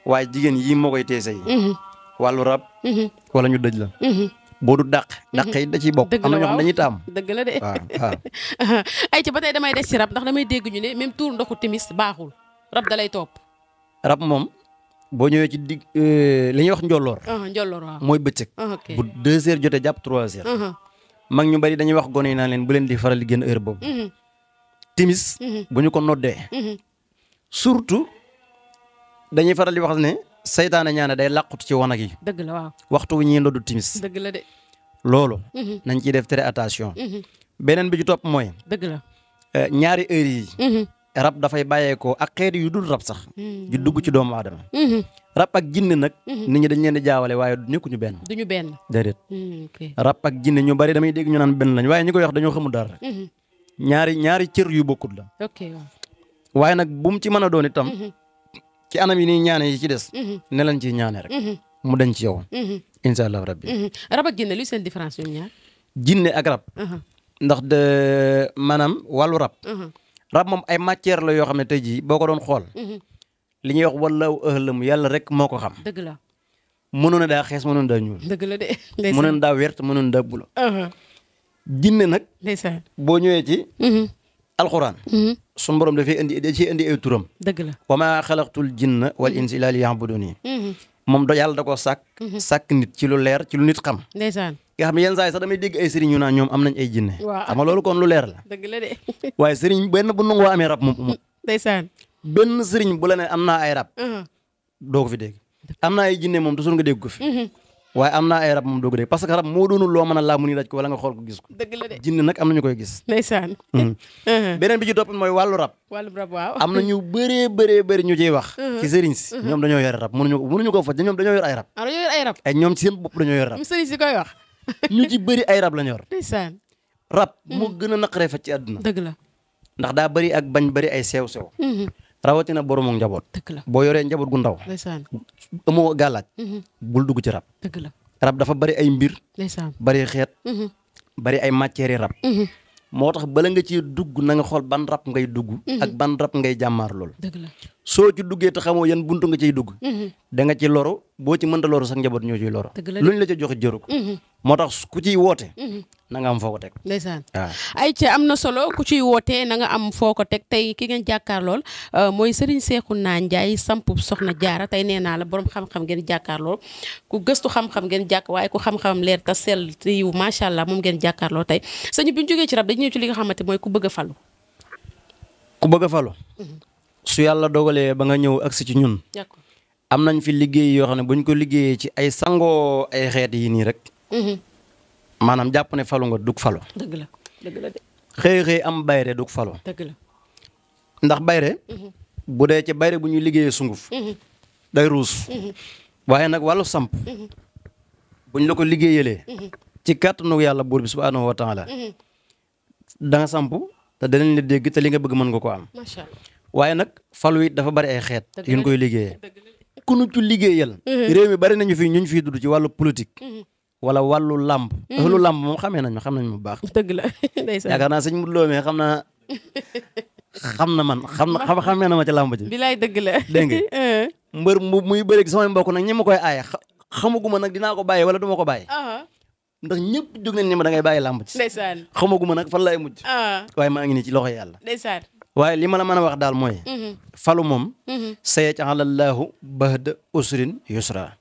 waaye jigéen yii koy teese wàllu rab. wala ñu dëj la. boo du dàq. dàq yi da ciy bokk. am na ñoo xam dañuy taam dëgg la de (laughs) ay ci ba tey damay des ci rab ndax damay dégg ñu ne même tuur ndoxu timis baaxul rab da lay topp. rab moom boo ñëwee ci dig euh, li ñuy wax njolloor. Ah, njolloor waaw mooy bëccëg. Ah, bu deux heures jotee jàpp trois heures. Ah, mag ñu bari dañuy wax gone yi naan leen bu leen di faral di génn heure boobu. Mm-hmm. timis mm-hmm. bu ñu ko noddee. Mm-hmm. surtout dañuy faral di ne. saytaane ñaane day làqut ci wanag yi. dëgg la waxtu wu ñuy ndoddu timis. dëgg la de. loolu. Mhm. nañ ciy def très attention. Mhm. beneen bi ci topp mooy. dëgg la eh, ñaari heures yi. Mhm. rab dafay bàyyeekoo ak xeet yu dul rab sax. yu dugg ci doomu aadama. rab ak jinne nag. ni ñi dañ ñeen di jaawale waaye nekkuñu benn. duñu benn déedéet. rab ak jinne ñu bari damay dégg ñu naan benn lañ waaye ñi koy wax dañoo xamul dara rek. ñaari ñaari cër yu bokkut la. waaye nag bu ci mën a doon ci anam yi nii ñaane yi ci des. Mhm. ne lañ ciy ñaane rek. Mhm. mu dañ ci yow. Mhm. incha allah rabbi. rab ak jinne luy seen différence ñoom ñaar. ak rab. ndax de maanaam wàllu rab. rab moom ay matière la yoo xam ne tey jii boo ko doon xool. li ñuy wax wallaahu ahlam yàlla rek moo ko xam. dëgg la mënoon na daa xees mënoon daa ñuul. dëgg la de. mënoon daa wert mënoon daa bula. jinne nag. boo ñëwee ci. alquran hmm. suñu borom dafay indi da ciy indi ay turam dëgg la wa maa xalaqtul jinna wal hmm. insa illaa liya'buduni hmm. moom do yàlla da koo sàkk sàkk nit ci lu leer ci lu nit xam ndeysaan nga xam ne yenn saa yi dégg ay sëriñ yu ñoom am nañ ay jinne xam nga loolu kon lu leer la dëgg la (laughs) waaye sëriñ benn bu nangoo amee rab moom amul ndeysaan benn sëriñ bu la am na ay rab doo ko fi dégg am naa ay jinne moom toujours nga dégg waaye am naa ay rab moom doog de parce rab moo doonul loo mën a laa mu ni ko wala nga xool ko gis ko jinne nag am nañu koy gis hmm. (laughs) uh-huh. beneen bi ci topp mooy wàllu rab wàllu rab waaw am na ñu bëree bëree bëri ñu ciy wax uh-huh. ci sëriñ si uh-huh. ñoom dañoo yor rab mënuñu mënuñu ko faj ñoom dañoo yor ay rab ah, dañoo yor ay rab ay ñoom ci seen bopp dañoo yor rab sëriñ si koy wax (laughs) ñu ci bëri ay rab lañu yor ndeysaan rab moo hmm. gën a naqaree faj ci àdduna dëgg la ndax daa bëri ak bañ bëri ay sew sew hmm. rawatina boromam njaboot. dëgg la boo yoree njaboot gu ndaw. ndeysaan amoo gàllaaj. Mhm. bul dugg ci rab. dëgg la rab dafa bari ay mbir. ndeysaan bari xeet. Mhm. bari ay matières rab. Mhm. moo tax bala nga ciy dugg na nga xool ban rab ngay dugg. ak ban rab ngay jàmmaar lool. dëgg la soo ci duggee te xamoo yan bunt nga ciy dugg. danga ciy ci loro boo ci mënta loro sax njaboot ñoo ciy loro. dëgg la luñ la ca joxe jëru ko. moo tax ku ciy woote. na nga am foo ko teg. ndeysaan ay ca am na solo ku ciy wootee na nga am foo ko teg tey ki ngeen jàkkaarlool euh, mooy seeku naa Ndiaye samp soxna jaara tey nee naa la borom xam-xam ngeen jàkkaarlool ku gëstu xam-xam ngeen jàkk waaye ku xam-xam leer ta sell yiw macha allah moom ngeen jàkkaarloo tey sëñ bi ñu jógee ci rab dañu ñëw ci nga xamante mooy ku bëgg a ku bëgg a falu. Mhm. yàlla dogalee ba nga ñëw agsi ci ñun. am nañ fi liggéey yoo xam ne buñ ko liggéeyee ci ay sangoo ay xeet yi nii rek. Mhm. maanaam jàpp ne falu nga dug falu. dëgg la am bayre dug falu. dëgg la ndax bayre. Mhm. bu dee ci bayre bu ñuy liggéeyee sunguf. Mhm. day ruus. Mhm. waaye nag wàllu samp. buñ la ko liggéeyalee. ci kàttanu yàlla buur bi subhaanahu wa la da samp te danañ la dégg te li nga bëgg mën nga ko am. macha waaye nag falu yit dafa bari ay xeet. yu koy liggéeyee. ku nu réew mi bari nañu fi ñu ñu fiy dudd ci wàllu politique. wala wàllu làmb. Mm-hmm. wàllu làmb moom xamee nañ ma xam nañ ma bu baax. dëgg la (laughs) ndeysaan yaakaar naa sëñ Modou Lo mais xam naa (laughs) xam na man xam na xamee na ma ci làmb ji. bilaay dëgg la dégg nga. (laughs) Uh-huh. mbër mu muy bëri gi samay mbokk nag ñi ma koy aaye xamaguma nag dinaa ko bàyyi wala duma ko bàyyi. Uh-huh. ndax ñëpp jóg nañ ne ma da ngay bàyyi làmb ci. ndeysaan xamaguma nag fan laay mujj. Uh-huh. waaye maa ngi nii ci loxo yàlla. ndeysaan waaye li ma la mën a wax daal mooy. Mm-hmm. falu moom. Mm-hmm. sayaj'alallaahu ba'da usrin yusra.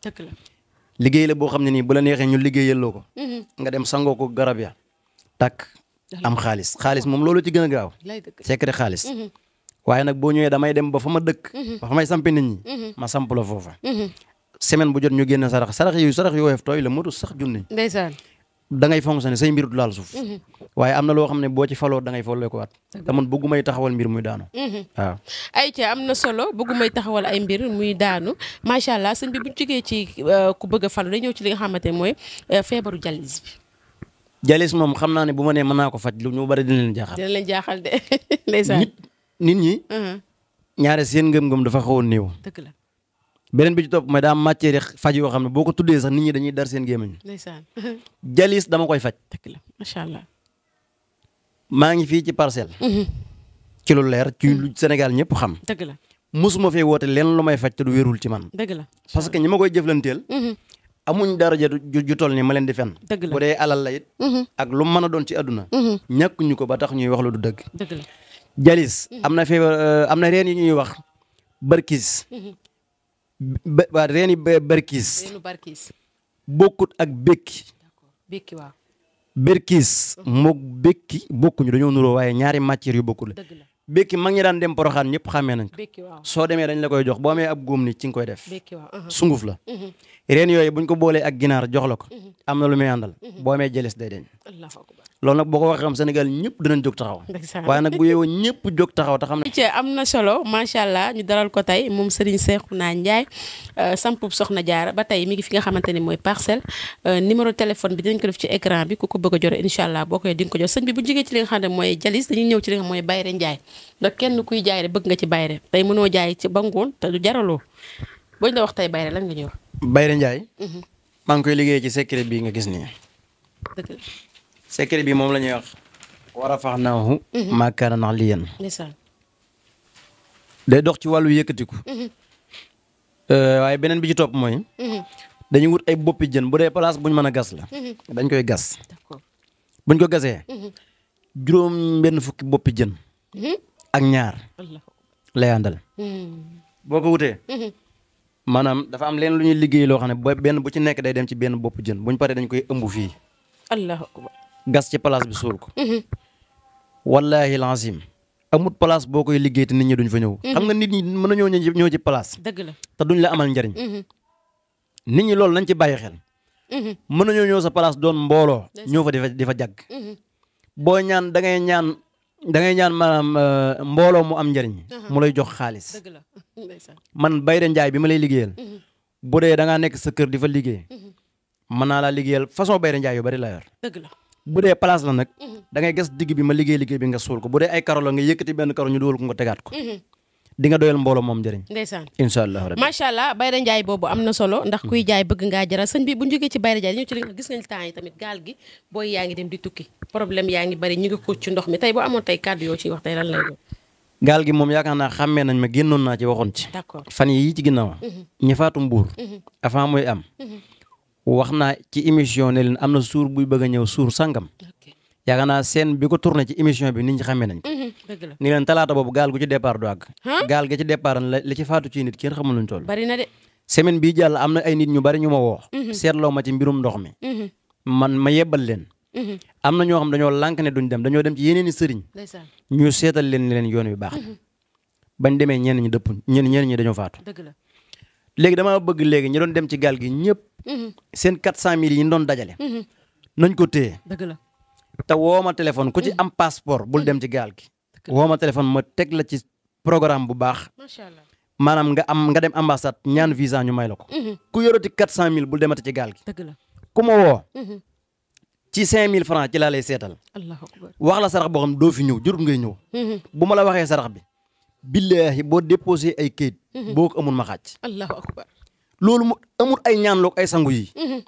liggéey la boo xam ne nii bu la neexee ñu liggéeyaloo ko. Mhm. nga dem sangoo ko garab ya takk am xaalis xaalis moom loolu ci gën a gaaw. secret xaalis. Mhm. waaye nag boo ñëwee damay dem ba fa ma dëkk. Mhm. ba fa may sampi nit ñi. ma samp la foofa. semaine bu jot ñu génn sarax sarax yooyu sarax yooyu tooy la motu sax junni. da ngay fonctionné say mbir du laal suuf. Mhm. waaye am na loo xam ne boo ci faloo dangay ngay follee ko waat. te man bëggu taxawal mbir muy daanu. Mhm. waaw ay ca am na solo bëggu may taxawal ay mbir muy daanu macha allah sëñ bi bu ñu ci euh, ku bëgg a day ñëw ci li nga xamante ne mooy euh, feebaru jalis bi. jalis moom xam naa ne bu ma nee mën naa ko faj lu ñu bari dina leen jaaxal. dina leen jaaxal de (laughs) ndeysaan nit ñi. Mhm. ñaare seen ngëm-ngëm dafa xawoon néew. dëgg la. beneen bi ci topp mooy daa am matière faj yoo xam ne boo ko tuddee sax nit ñi dañuy dar seen gémmiñ. ndeysaan. jalis dama koy faj. dëgg macha allah. maa ngi fii ci parcelle. Mhm. ci lu leer ci lu Sénégal ñëpp xam. dëgg la musuma fee woote leen lu may faj te du wérul ci man. dëgg la parce que ñi ma koy jëflanteel. Mhm. amuñ dara ju ju toll nii ma leen di fenn. dëgg la dee alal la it. Mhm. ak lu mën a doon ci àdduna. ñàkkuñu ko ba tax ñuy wax lu du dëgg. dëgg jalis. am na feebar euh, am na reen yu ñuy wax barkis. waaw reeni berkiis. reenu berkiis. bokkut ak bekki békki waaw. berkiis mhm. mook békki bokkuñu dañoo nuroo waaye ñaari matières yu bokkul la. békki mag ñi daan dem poroxaan ñëpp xàmmee nañ ko soo demee dañ la koy jox boo amee ab góom ni ci nga koy def mhm. sunguf la mhm. reen yooyu buñ ko boolee ak ginaar jox la ko am na lu muy àndal boo jëlis day deñ loolu nag boo ko waxee xam Sénégal ñëpp dinañ jóg taxaw. waaye nag bu yeewoo ñëpp jóg taxaw te xam ne. am na solo allah ñu dalal ko tey moom Serigne Cheikhouna Ndiaye euh, sampub Soxna Jaara ba tey mi ngi fi nga xamante ne mooy parcelle euh, numéro téléphone bi dinañ ko def ci écran bi ku ko bëgg a jore incha boo ko jox sëñ bi bu jógee ci li nga xam ne mooy jalis dañuy ñëw ci li nga xam mooy bayre njaay ndax kenn kuy jaay rek bëgg nga ci bayre tey mënoo jaay ci ba ngoon te du jaraloo boo ñu la wax tey bayre lan nga ñëw. bayre njaay. maa ngi koy liggéey ci secret bi nga gis nii secret bi moom la ñuy wax. war a fax naahu. Mhm. maakaana nax li yéen. day dox ci wàllu yëkkatiku. Mhm. Euh, waaye beneen bi ci topp mooy. Mhm. dañuy wut ay boppi jën bu dee palaas buñ mën a gas la. dañ koy gas. buñ ko gasee. juróom benn fukki boppi jën. ak ñaar. lay àndal. boo ko wutee. maanaam dafa am leen lu ñuy liggéey loo xam ne benn bu ci nekk day dem ci benn bopp jën buñ paree dañ koy ëmb fii. gas ci place bi suul ko. Mhm. wallaahi lazim amut place boo koy liggéey te nit ñi duñ fa ñëw. Mhm. xam nga nit ñi mën nañoo ñëw ci place. la te duñ la amal njariñ. Mhm. nit ñi loolu nañ ci bàyyi xel. mën nañoo ñëw sa place doon mbooloo. ñëw fa di fa di fa jàgg. boo ñaan da ngay ñaan da ñaan maanaam euh, mbooloo mu am njariñ. mu lay jox xaalis. (laughs) man Bayre Njaay bi ma lay liggéeyal. bu dee da ngaa nekk sa kër di fa liggéey. mën naa laa liggéeyal façon Bayre Njaay yu bari laa la. bu dee place la nag mhm. da ngay ges digg bi ma liggéey liggéey bi nga suul ko bu dee ay karo nga yëkkati benn karo ñu dugal ko nga tegaat ko mhm. di doyal mbooloo moom njëriñ ndeysaan incha allah rabbi Bayra Ndiaye boobu am na solo ndax kuy mhm. jaay bëgg ngaa jara sëñ bi bu ñu jógee ci Bayra Ndiaye ñëw ci li nga gis nañu temps yi tamit gaal gi booy yaa ngi dem di tukki problème yaa ngi bari ñu ngi ko ci ndox mi tey boo amoon tey kàddu yoo ciy wax tey lan naa xàmmee nañ ma génnoon naa ci waxoon ci d'accord fan yi ci ginnaaw ñi faatu mbuur wax naa ci émission ne leen am na suur buy bëgg a ñëw suur sangam. yaakaar naa seen bi ko tourné ci émission bi nit ñi xamee nañ mhm, ni leen talaata boobu gaal gu ci départ du gaal ga ci départ la li faatu ci nit kenn xamul luñ toll bari na de semaine bii jàll am na ay nit ñu bari ñu ma woo mhm. seetloo ma ci mbirum ndox mhm. man ma yebbal leen am na ñoo xam dañoo lànk ne duñ dem dañoo dem ci yeneen i sëriñ ñu seetal leen ne leen yoon bi baax bañ demee ñenn ñi dëpp ñenn ñenn ñi dañoo faatu Mm-hmm. seen quatre cent mille yi ñu doon dajale. Mm-hmm. nañ ko téye. dëgg la te woo ma téléphone ku ci mm-hmm. am passeport bul dem ci gaal gi. woo ma téléphone ma teg la ci programme bu baax. macha maanaam nga am nga dem ambassade ñaan visa ñu may la ko. ku yoroti quatre cent mille bul demati ci gaal gi. dëgg la ku ma woo. ci cinq mille francs ci laa lay seetal. wax la sarax boo xam doo ñëw jurut ngay ñëw. bu ma la waxee sarax bi. billaahi boo déposé ay kayit. boo ko amul ma xaaj. allahu akbar loolu mu amul ay ñaan loog ay sangu yi mhm.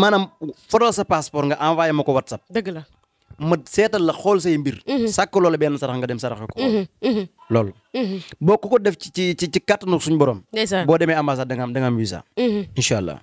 maanaam fotal sa passeport nga envoyé ma ko WhatsApp dëgg la ma seetal la xool say mbir. Mhm. sàkk loola benn sarax nga dem saraxe ko. Mhm, mhm. loolu. boo ko ko def ci ci ci kàttanu suñu borom. boo demee ambassade da nga am da nga am visa. incha allah.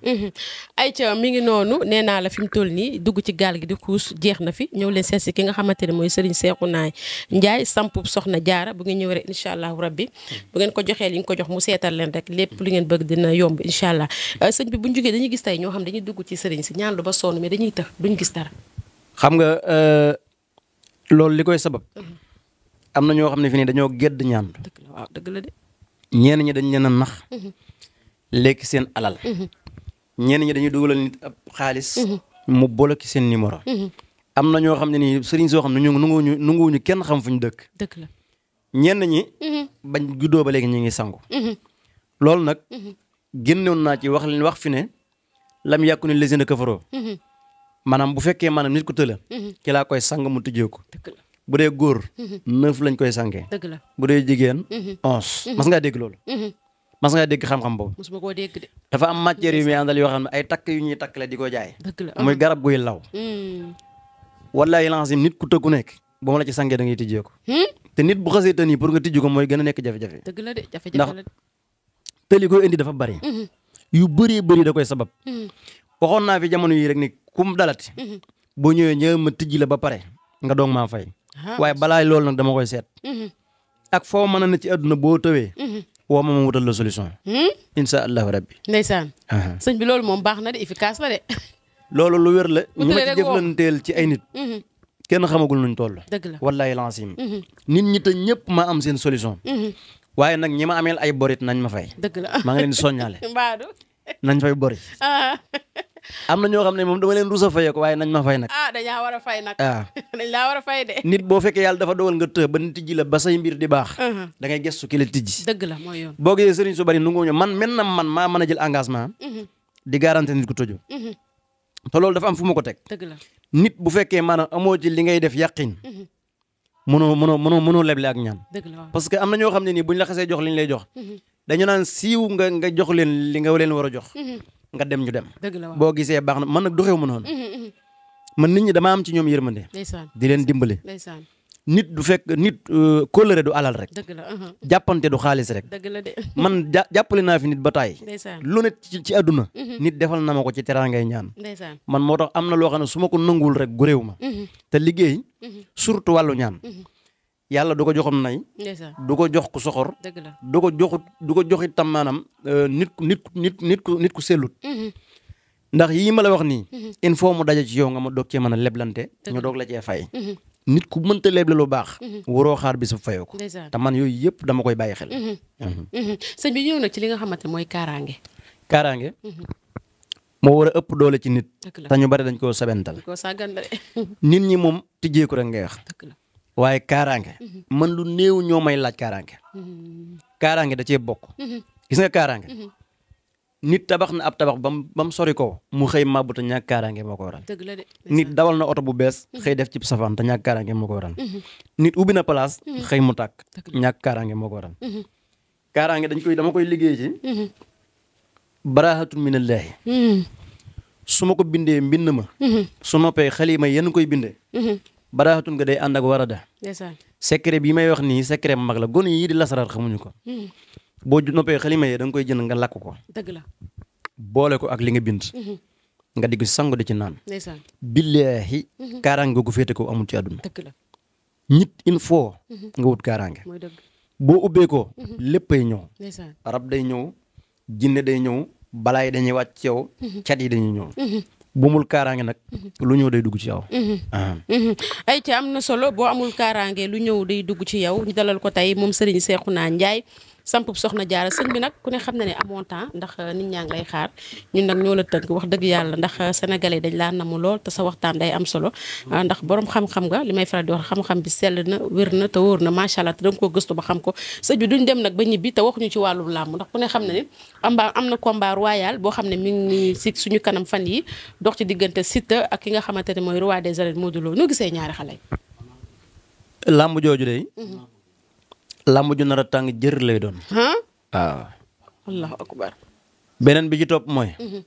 ayca mi ngi noonu nee naa la fi mu toll nii dugg ci gaal gi di kuus jeex na fi ñëw leen seesi ki nga xamante ne mooy Serigne Cheikhouna Ndiaye samp soxna jaara bu ngeen ñëwee rek incha allahu rabbi bu ngeen ko joxee li ñu ko jox mu seetal leen rek lépp lu ngeen bëgg dina yomb incha allah euh, sëñ bi bu ñu dañuy gis tey ñoo xam dañuy dugg ci Serigne si ñaan lu ba sonn mais dañuy tëx duñ gis dara xam nga euh, loolu li koy sabab mm-hmm. am na ñoo xam ne fi nii dañoo gedd ñaan. dëgg la ñenn ñi dañ leen a nax. Mm-hmm. lekk seen alal. Mm-hmm. ñenn ñi dañuy dugalal nit ab xaalis. mu bloqué seen numéro. am na ñoo xam ne nii sëriñ soo xam ne ñu nanguwuñu nanguwuñu kenn xam fu ñu dëkk. dëgg ñenn ñi. bañ juddoo ba léegi ñu ngi sangu. loolu nag génnoon naa ci wax wax fi ne lam yàkku ni seen kafaroo maanaam bu fekkee maanaam nit ku tëla mhm. ki laa koy sang mu tijjee ko bu dee góor mhm. neuf lañ koy sangee bu dee jigéen mhm. onze mas ngaa dégg loolu mas ngaa dégg xam-xam boobu koo de dafa am matière yu muy àndal yoo xam ne ay takk yu ñuy takk la di ko jaay muy garab guy law wallaay lancé nit ku tëkku nekk ba ma la sangee da ngay ko hmm? te nit bu xasee tën yi pour nga tijju ko mooy gën nekk jafe-jafe dëgg la de jafe-jafe indi dafa bari yu bëree bëri da koy sabab hmm. waxoon naa fi jamono yi rek ni kum dalati. Mhm. boo ñëwee ñëw ma tijji la ba pare nga doog maa fay. Ah, waaye balaa loolu nag dama koy seet. Mhm. ak foo mën na ne ci àdduna boo tëwee. Mhm. woo ma ma wutal la solution. Hmm? incha allahu rabbi. ndeysaan. sëñ bi loolu moom baax na de efficace la de. (laughs) loolu lu wér la ñu ma ci jëflanteel ci ay nit. kenn xamagul nuñ toll. dëgg la wallaahi lancim nit ñi te ñëpp ma am seen solution. waaye nag ñi ma ameel ay borit nañ ma fay. dëgg la maa ngi leen di soññaale. (laughs) nañ fay bori. (laughs) am na ñoo xam ne moom dama leen rusa fayee ko waaye nañ ma fay nag. ah dañ laa war a fay nag. ah (laughs) laa war fay de. nit boo fekkee yàlla dafa dogal nga tëj ba nit tijji la ba say mbir di baax. Uh-huh. da ngay gëstu ki la tijji. la mooy boo gisee sëriñ su bari nu nga man man na man maa mën a jël engagement. Uh-huh. di garanti nit ku tëju. Uh-huh. te loolu dafa am fu ma ko teg. dëgg la nit bu fekkee maanaam amoo ci li ngay def yàqin. mënoo mënoo mënoo mënoo leble ak ñaan. dëgg la parce am na ñoo xam ne nii buñ la xasee jox liñ lay jox dañu naan siiw nga nga jox leen li nga leen war a jox. Mhm. nga dem ñu dem. boo gisee baax na man nag doxewu ma noonu. Mhm, mhm. man nit ñi dama am ci ñoom yërmande. di leen dimbale. nit du fekk nit euh, kóllëre du alal rek. dëgg la jàppante du xaalis rek. dëgg la de man jàppale naa fi nit ba taay. lu ne ci ci àdduna. nit defal na ma ko ci teraangay ñaan. man moo tax am na loo xam ne su ma ko nanguwul rek guréew ma. te liggéey surtout wàllu ñaan. yàlla du ko joxam nay. du ko jox ku soxor. dëgg la du ko joxut du ko jox itam maanaam euh, nit ku nit nit nit ku nit ku sellut. Mm-hmm. ndax yii ma la wax nii. Mm-hmm. il mu daje ci yow nga ma doog cee man a leblante. ñu doog la cee fay. Mm-hmm. nit ku mënta leble lu baax. waroo xaar bisu fayoo ko. te man yooyu yëpp dama koy bàyyi xel. sëñ bi ñëw nag li nga xamante mooy kaaraange. kaaraange. moo war a ëpp doole ci nit. te ñu bari dañ koo sabental. nit ñi moom tijjeeku rek ngay wax. waaye kaaraange. Mhm. man lu néew ñoo may laaj kaaraange. Mhm. kaaraange da cee bokk. Mhm. gis nga kaaraange. nit tabax na ab tabax bam bam sori ko mu xëy màbbu te ñàkk kaaraange moo ko waral nit dawal na oto bu bees xëy def ci safaan te ñàkk kaaraange ubbi na place xëy mu tàkk ñàkk kaaraange moo ko waral kaaraange dañ koy dama koy liggéey ci baraahatun su ma ko bindee mbind ma su noppee xalima yenn koy bindee badaaxatun nga day ànd ak warada secret bi may wax nii secret mag la gone yii di lasaraar xamuñu ko hmm. boo noppee xalima yi da nga koy jënd nga lakk ko boole ko ak li nga bind hmm. nga digg sangu di ci naan billaahi hmm. kaaraange googu féete ko amul ci àdduna dëgg la nit il faut nga wut kaaraange boo ubbee ko léppay ñëw rab day ñëw jinne day ñëw balaay dañuy wàcc yow cat yi dañuy ñëw bu mul kaaraange nag mhm. lu ñëw day dugg ci yow. Mhm. ay ah. mhm. ca am na solo boo amul kaaraange lu ñëw day dugg ci yow ñu dalal ko tey moom Serigne Cheikhouna Ndiaye. samp soxna jaara sëñ bi nag ku ne xam na ne amoon temps ndax euh, nit ñaa ngi lay xaar ñu nag ñoo la tënk wax dëgg yàlla ndax yi euh, dañ laa namu lool te sa waxtaan day am solo euh, ndax boroom xam-xam nga li may faral di wax xam-xam bi sell na wér na te wóor na macha allah te danga ko gëstu ba xam ko sëñ bi duñ dem nag ba ñibbi te waxuñu ci wàllu làmb ndax ku ne xam na ne amba am na combat royal boo xam ne mi ngi si suñu kanam fan yi dox ci diggante Siteu ak ki nga xamante ne mooy roi des arènes Modou Lo noo gisee ñaari xale yi làmb ju nar a tàng jër lay doon. waaw. Ah. beneen bi ci topp mooy. Mm-hmm.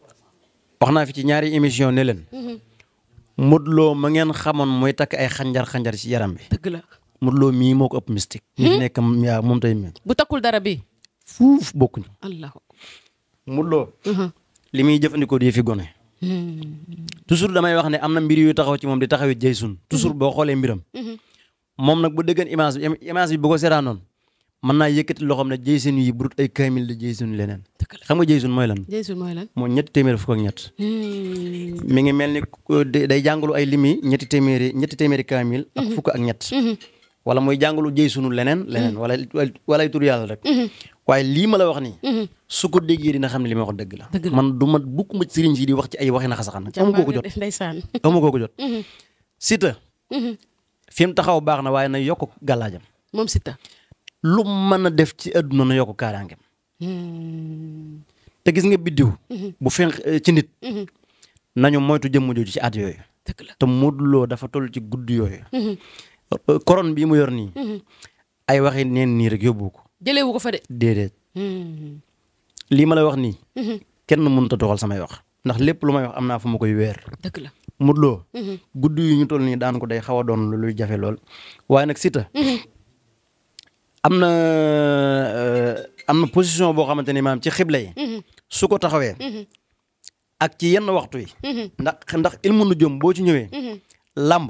wax naa fi ci ñaari émission ne leen. Mm-hmm. loo ma ngeen xamoon mooy takk ay xanjar-xanjar ci yaram bi. dëgg la Modou mii moo ko ëpp mystique. ñu hmm? nekk yaa moom tey mi. bu takkul dara bi. fuuf bokkuñu. allahu Modou Lo. Mm-hmm. li muy jëfandikoo di fi gone. Hmm. toujours damay wax ne am na mbir yu taxaw ci moom di taxawit jay sun toujours boo xoolee mbiram. moom nag bu dëggan image bi image bi bu ko mën naa yëkkati loxoom ne jëysun yi burut ay kaamil di jëysun leneen xam nga jëysun mooy lan jëysun mooy lan moo ñetti téeméer fukk ak ñett hmm. mi ngi mel ni day jàngalu ay limi ñetti téeméeri ñetti téeméeri kaamil ak hmm. fukk ak ñett hmm. wala mooy jàngalu jëysunu leneen leneen wala wala ay yàlla rek waaye lii ma la wax nii su ko déggee dina xam ne li may wax dëgg la man du ma bukk ma sëriñ si di wax ci ay waxi na xasaxan amu koo ko jot amu koo ko jot Siteu fi mu taxaw baax na waaye na yokk gàllaajam lu mën a def ci àdduna na yokk kaaraangeem te gis nga biddiw bu fenk eh, ci nit nañu moytu jëm jooju ci at yooyu te Modou Lo dafa toll ci gudd yooyu koron eh, bii mu yor nii ay waxi neen nii rek yóbbu ko jëlewu ko fa de hmm. lii ma lay wax nii hmm. kenn mënut ta doxal samay wax ndax lépp lu ma wax am naa fu ma koy weer dëgg la Modou hmm. yu ñu toll nii daan ko day xawa a doon luy jafe lool waaye nag Siteu am na euh, am na position boo xamante ni maam ci xibla yi. Mhm. su ko taxawee. Mhm. ak ci yenn waxtu yi. Mhm. ndax ndax ilmu nujum boo ci ñëwee. lamb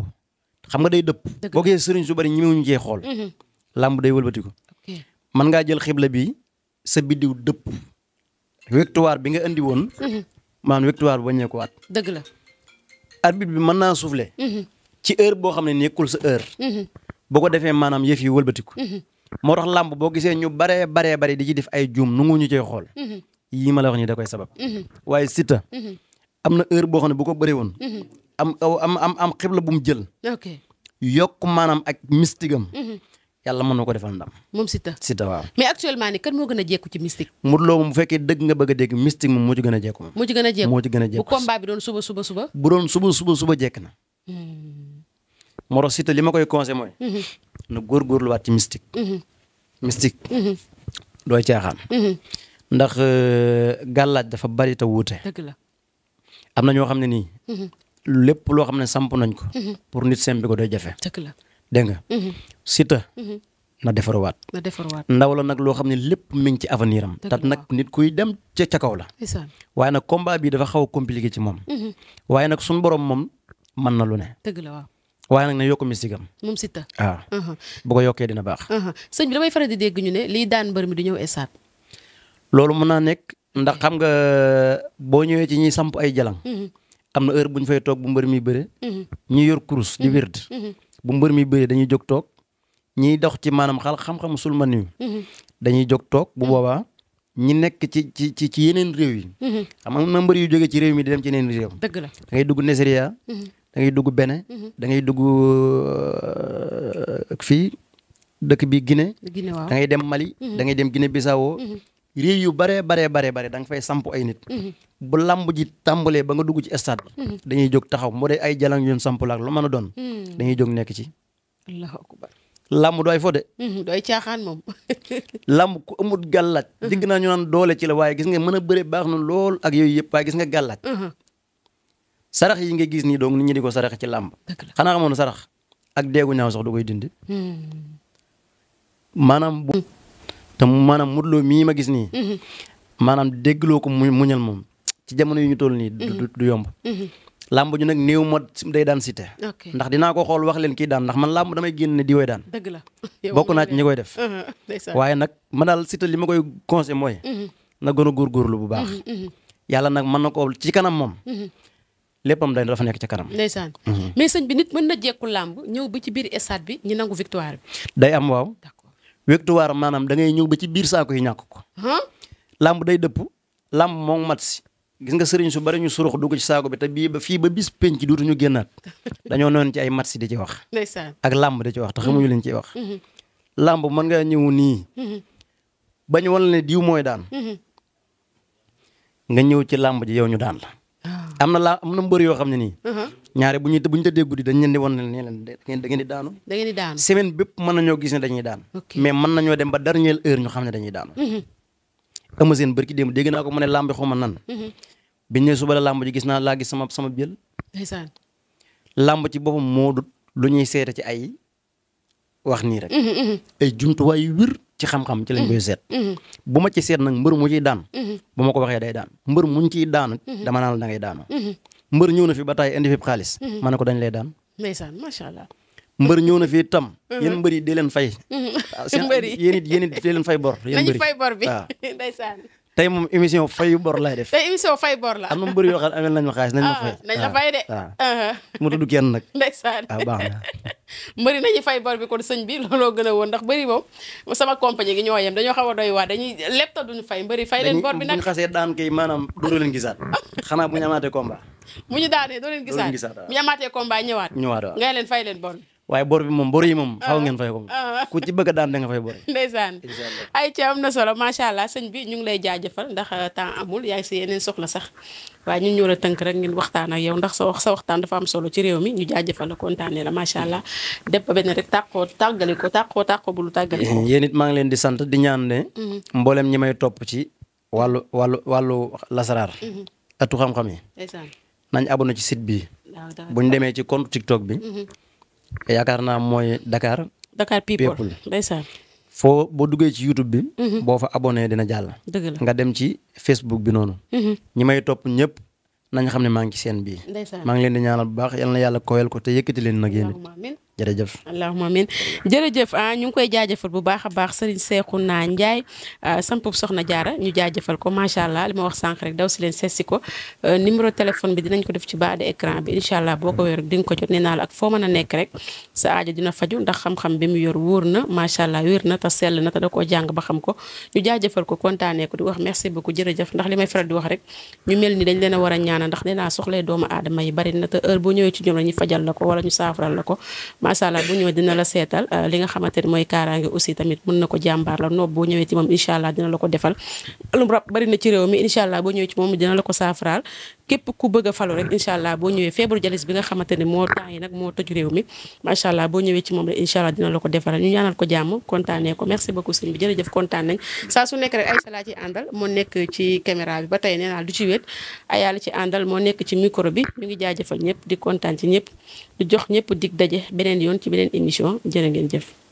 xam nga day dëpp. boo gisee sëriñ su bari ñemewuñu cee xool. lamb day wëlbatiku. man ngaa jël xibla bi sa biddiw dëpp. victoire bi nga andi woon. maan victoire bañeekuwaat. dëgg la. arbitre bi mën naa soufflé. ci heure boo xam ne nekkul sa heure. boo ko defee maanaam yëf yi wëlbatiku. moo tax làmb boo gisee ñu baree baree bare di ci def ay juum nu cee xool mhm. yii ma la wax nii da koy sabab mhm. waaye Siteu mhm. am na heure boo xam ne bu ko bëree woon am am am am xibla bu mu jël yokk maanaam ak mystigam yàlla ma na ko defal ndam moom Siteu Siteu waaw mais actuellement ni kan moo gën a jekk ci mystique Modou Lo moom bu fekkee dëgg nga bëgg a dégg mystique moo ci gën moo a jekku moo ci a jekku bu combat bi doon suba suba suba bu doon suba suba suba jekk na hmm. moo tax Siteu li ma koy conseillé mooy na góorgóorluwaat ci mystique. Mhm. mystique. Mhm. doo caaxaan. Mhm. ndax euh, gàllaaj dafa bari te wuute. dëgg la am na ñoo xam ne nii. lépp loo xam ne samp nañ ko. pour nit sem bi ko doy jafe. dëgg la dégg nga. Siteu. na defarwaat na defarwaat ndaw la nag loo xam ne lépp mi ngi ci avenir am. tat nag nit kuy dem ca ca la. waaye nag combat bi dafa xaw a ci moom. waaye nag suñu borom moom mën na lu ne. dëgg waaye nag na yokk mystique am. moom Siteu. waaw ah. uh-huh. bu ko yokkee dina baax. Uh-huh. sëñ bi damay faral di dégg ñu ne lii daan mbër mi di ñëw esaat. loolu mën naa nekk ndax xam nga boo ñëwee ci ñiy samp ay jalang. Uh-huh. am na heure buñ fay toog bu mbër mi bëre. ñi yor kurus di wird. bu mbër mi bëre dañuy jog toog ñiy dox ci maanaam xal xam-xam sulman yu dañuy jog toog bu boobaa. ñi nekk ci ci ci ci yeneen réew yi. xam nga mbër yu jógee ci réew mi di dem ci yeneen réew. dëgg dugg Nigeria. da ngay dugg Bénin. Mhm. da dugg euh, fii dëkk bi gine Guinée waaw ngay dem Mali. Mhm. da dem Guinée Bissau. Mhm. réew yu bare bare bare bare da fay samp ay nit. bu lamb ji tàmbalee ba nga dugg ci stade bi. dañuy jóg taxaw moo dee ay jalan yoon samp laak lu mën a doon. dañuy jóg nekk ci. allahu akbar. fo de. du caaxaan moom. (laughs) lamb ku amut gàllaaj. dégg naa ñu naan doole ci la waaye gis nga mën a bëre baax na lool ak yooyu yëpp waaye gis nga gàllaaj. sarax yi nga gis ni donc nit ñi di ko sarax ci làmb xanaa xamoon sarax ak deegu ñaaw sax du koy dindi hmm. maanaam bu te maanaam mudloo mii ma gis nii hmm. maanaam déggloo ko mu muñal moom ci jamono yu ñu toll nii du hmm. yomb làmb ñu nag néew ma day daan cité ndax dinaa ko xool wax leen kii daan ndax man làmb damay génn ne di daan dëgg la (laughs) bokk naa ci koy def (laughs) waaye nag ma daal li ma koy conseil mooy na gën a góorgóorlu bu baax yàlla nag mën na ci kanam moom léppam day dafa nekk ca kanam. ndeysaan mhm. mais sëñ bi nit mën na jekku làmb ñëw ba ci biir stade bi ñu nangu victoire bi. day am waaw. victoire maanaam da ngay ñëw ba ci biir saako yi ñàkk ko. làmb day dëpp làmb moom mat si. gis nga sëriñ su bari ñu surux dugg ci saako bi ta bii ba fii ba bis penc dootuñu génnaat (laughs) dañoo noonu ci ay mat si di ci wax. ndeysaan ak làmb di ci wax mu ñu leen ciy wax. Mhm. Mhm. làmb mën ngaa ñëw nii. bañ wala ne diw mooy daan. nga ñëw ci làmb ji yow ñu daan am na laa am na yoo xam ne nii. Uh-huh. ñaare bu ñuy bu ñu guddi dañ leen di ne leen da ngeen di daanu. da ngeen di daanu semaine bépp mën nañoo gis ne dañuy daan. mais mën dem ba uh-huh. naa ko mu ne làmb xuma nan. Uh-huh. biñ ne suba la làmb ji gis naa laa gis sama sama jël. ndeysaan làmb ci boppam moo dut lu ñuy seeta ci ay wax nii rek. ay jumtuwaay yu ci xam-xam ci lañ koy seet mm-hmm. Mm-hmm. bu ma ci seet nag mbër mu ciy daan mm-hmm. bu ma ko waxee day daan mbër muñ ciy daan dama naan la da ngay daanoo mbër ñëw na fi ba tay indi fi xaalis ma ne ko dañ le daan ndeysaan macha allah mbër ñëw na fi tam yéen mbër yi dee leen fay ah, (laughs) yéen it yéen it dee leen fay bor yéen mbër yi fay bor bi ah. (laughs) tey moom émission fayu bor laay def. tey émission fayu bor la. am na mu bëri yoo xam ne ma xaalis nañu ma ah, ah, fay. de. Ah. mu tudd na. (laughs) bëri nañu fay bor bi kon sëñ bi looloo gën woon ndax bëri moom sama compagnie gi ñoo yem dañoo xaw a doy waa dañuy lépp ta duñu fay mbëri fay leen bor bi nag daan kay maanaam doo leen gisaat xanaa bu ñu amaatee combat. (laughs) bu ñu daanee doo leen gisaat bu ñu amaatee combat ñëwaat. ñëwaat waaw ngay leen fay leen bor bi waaye bor bi moom bor yi moom ah. xaw ngeen fay ko ah. (laughs) ku ci bëgg daan da nga fay bor ndeysaan ay ci am na solo macha allah sëñ bi ñu ngi lay jaajëfal ndax euh, temps amul yaa ngi si yeneen soxla sax waaye ñu ñoo la tënk rek ngeen waxtaan ak yow ndax sa sa waxtaan dafa am solo ci réew mi ñu jaajëfal la kontaanee la macha allah def ba benn rek tàqoo tàggali ko tàqoo bu lu tàggali ko yéen it maa ngi leen di sant di ñaan ne mhm. mbooleem ñi may topp ci wàllu wàllu wàllu lasaraar atu mhm. xam-xam yi nañ abonné ci sit bi bu ñu demee ci compte tiktok bi mhm. yaakaar naa mooy Dakar. Dakar people ndeysaan. foo boo duggee ci YouTube bi. Mhm. boo fa abonné dina jàll. dëgg nga dem ci Facebook bi noonu. Mhm. ñi may topp ñëpp nañ xam ne maa ngi ci seen bii. ndeysaan maa ngi leen di ñaanal bu baax yal yàlla koyal ko te yëkkati leen nag yéen jërëjëf allahumma amiin jërëjëf ah ñu ngi koy jaajëfal bu baax a baax Serigne naa Ndiaye ah, sampub Soxna Jaara ñu jaajëfal ko macha allah li ma wax sànq rek daw si leen seesi ko ah, numéro téléphone bi dinañ ko def ci bas de écran incha allah boo ko wér di nga ko jot nee naa la mën a nekk rek dina faju ndax xam bi mu yor wóor na macha allah wér na te sell na te da koo jàng ba xam ko ñu jaajëfal ko kontaanee ko di wax merci beaucoup jërëjëf ndax li may faral di wax rek ñu mel ni dañ leen a war a ñaana ndax nee naa soxlay doomu aadama yi bari na te heure boo ñëwee ci ñoom la fajal la ko wala ñu saafaral la ko macha allah ñëwee dina la seetal euh, li nga xamante ne mooy kaaraange aussi tamit mën na ko jàmbaar la noob boo ñëwee ci moom incha allah la ko defal alum rab bari na ci réew mi incha boo ñëwee ci moom dina la ko saafaraal képp ku bëgg a falu rek incha boo ñëwee feebaru jalis bi nga xamante ne moo temps yi nag moo toj réew mi macha boo ñëwee ci moom rek incha allah dina la ko defaral ñu ñaanal ko jàmm kontaanee ko merci beaucoup sëñ bi jërëjëf kontaan nañ saa su nekk rek Aïssa laa ci àndal moo nekk ci caméra bi ba tey nee naa du ci wéet ayaa la ci àndal moo nekk ci micro bi mu ngi jaajëfal ñëpp di kontaan ci ñëpp di jox ñëpp di daje beneen yoon ci beneen émission jërë ngeen jëf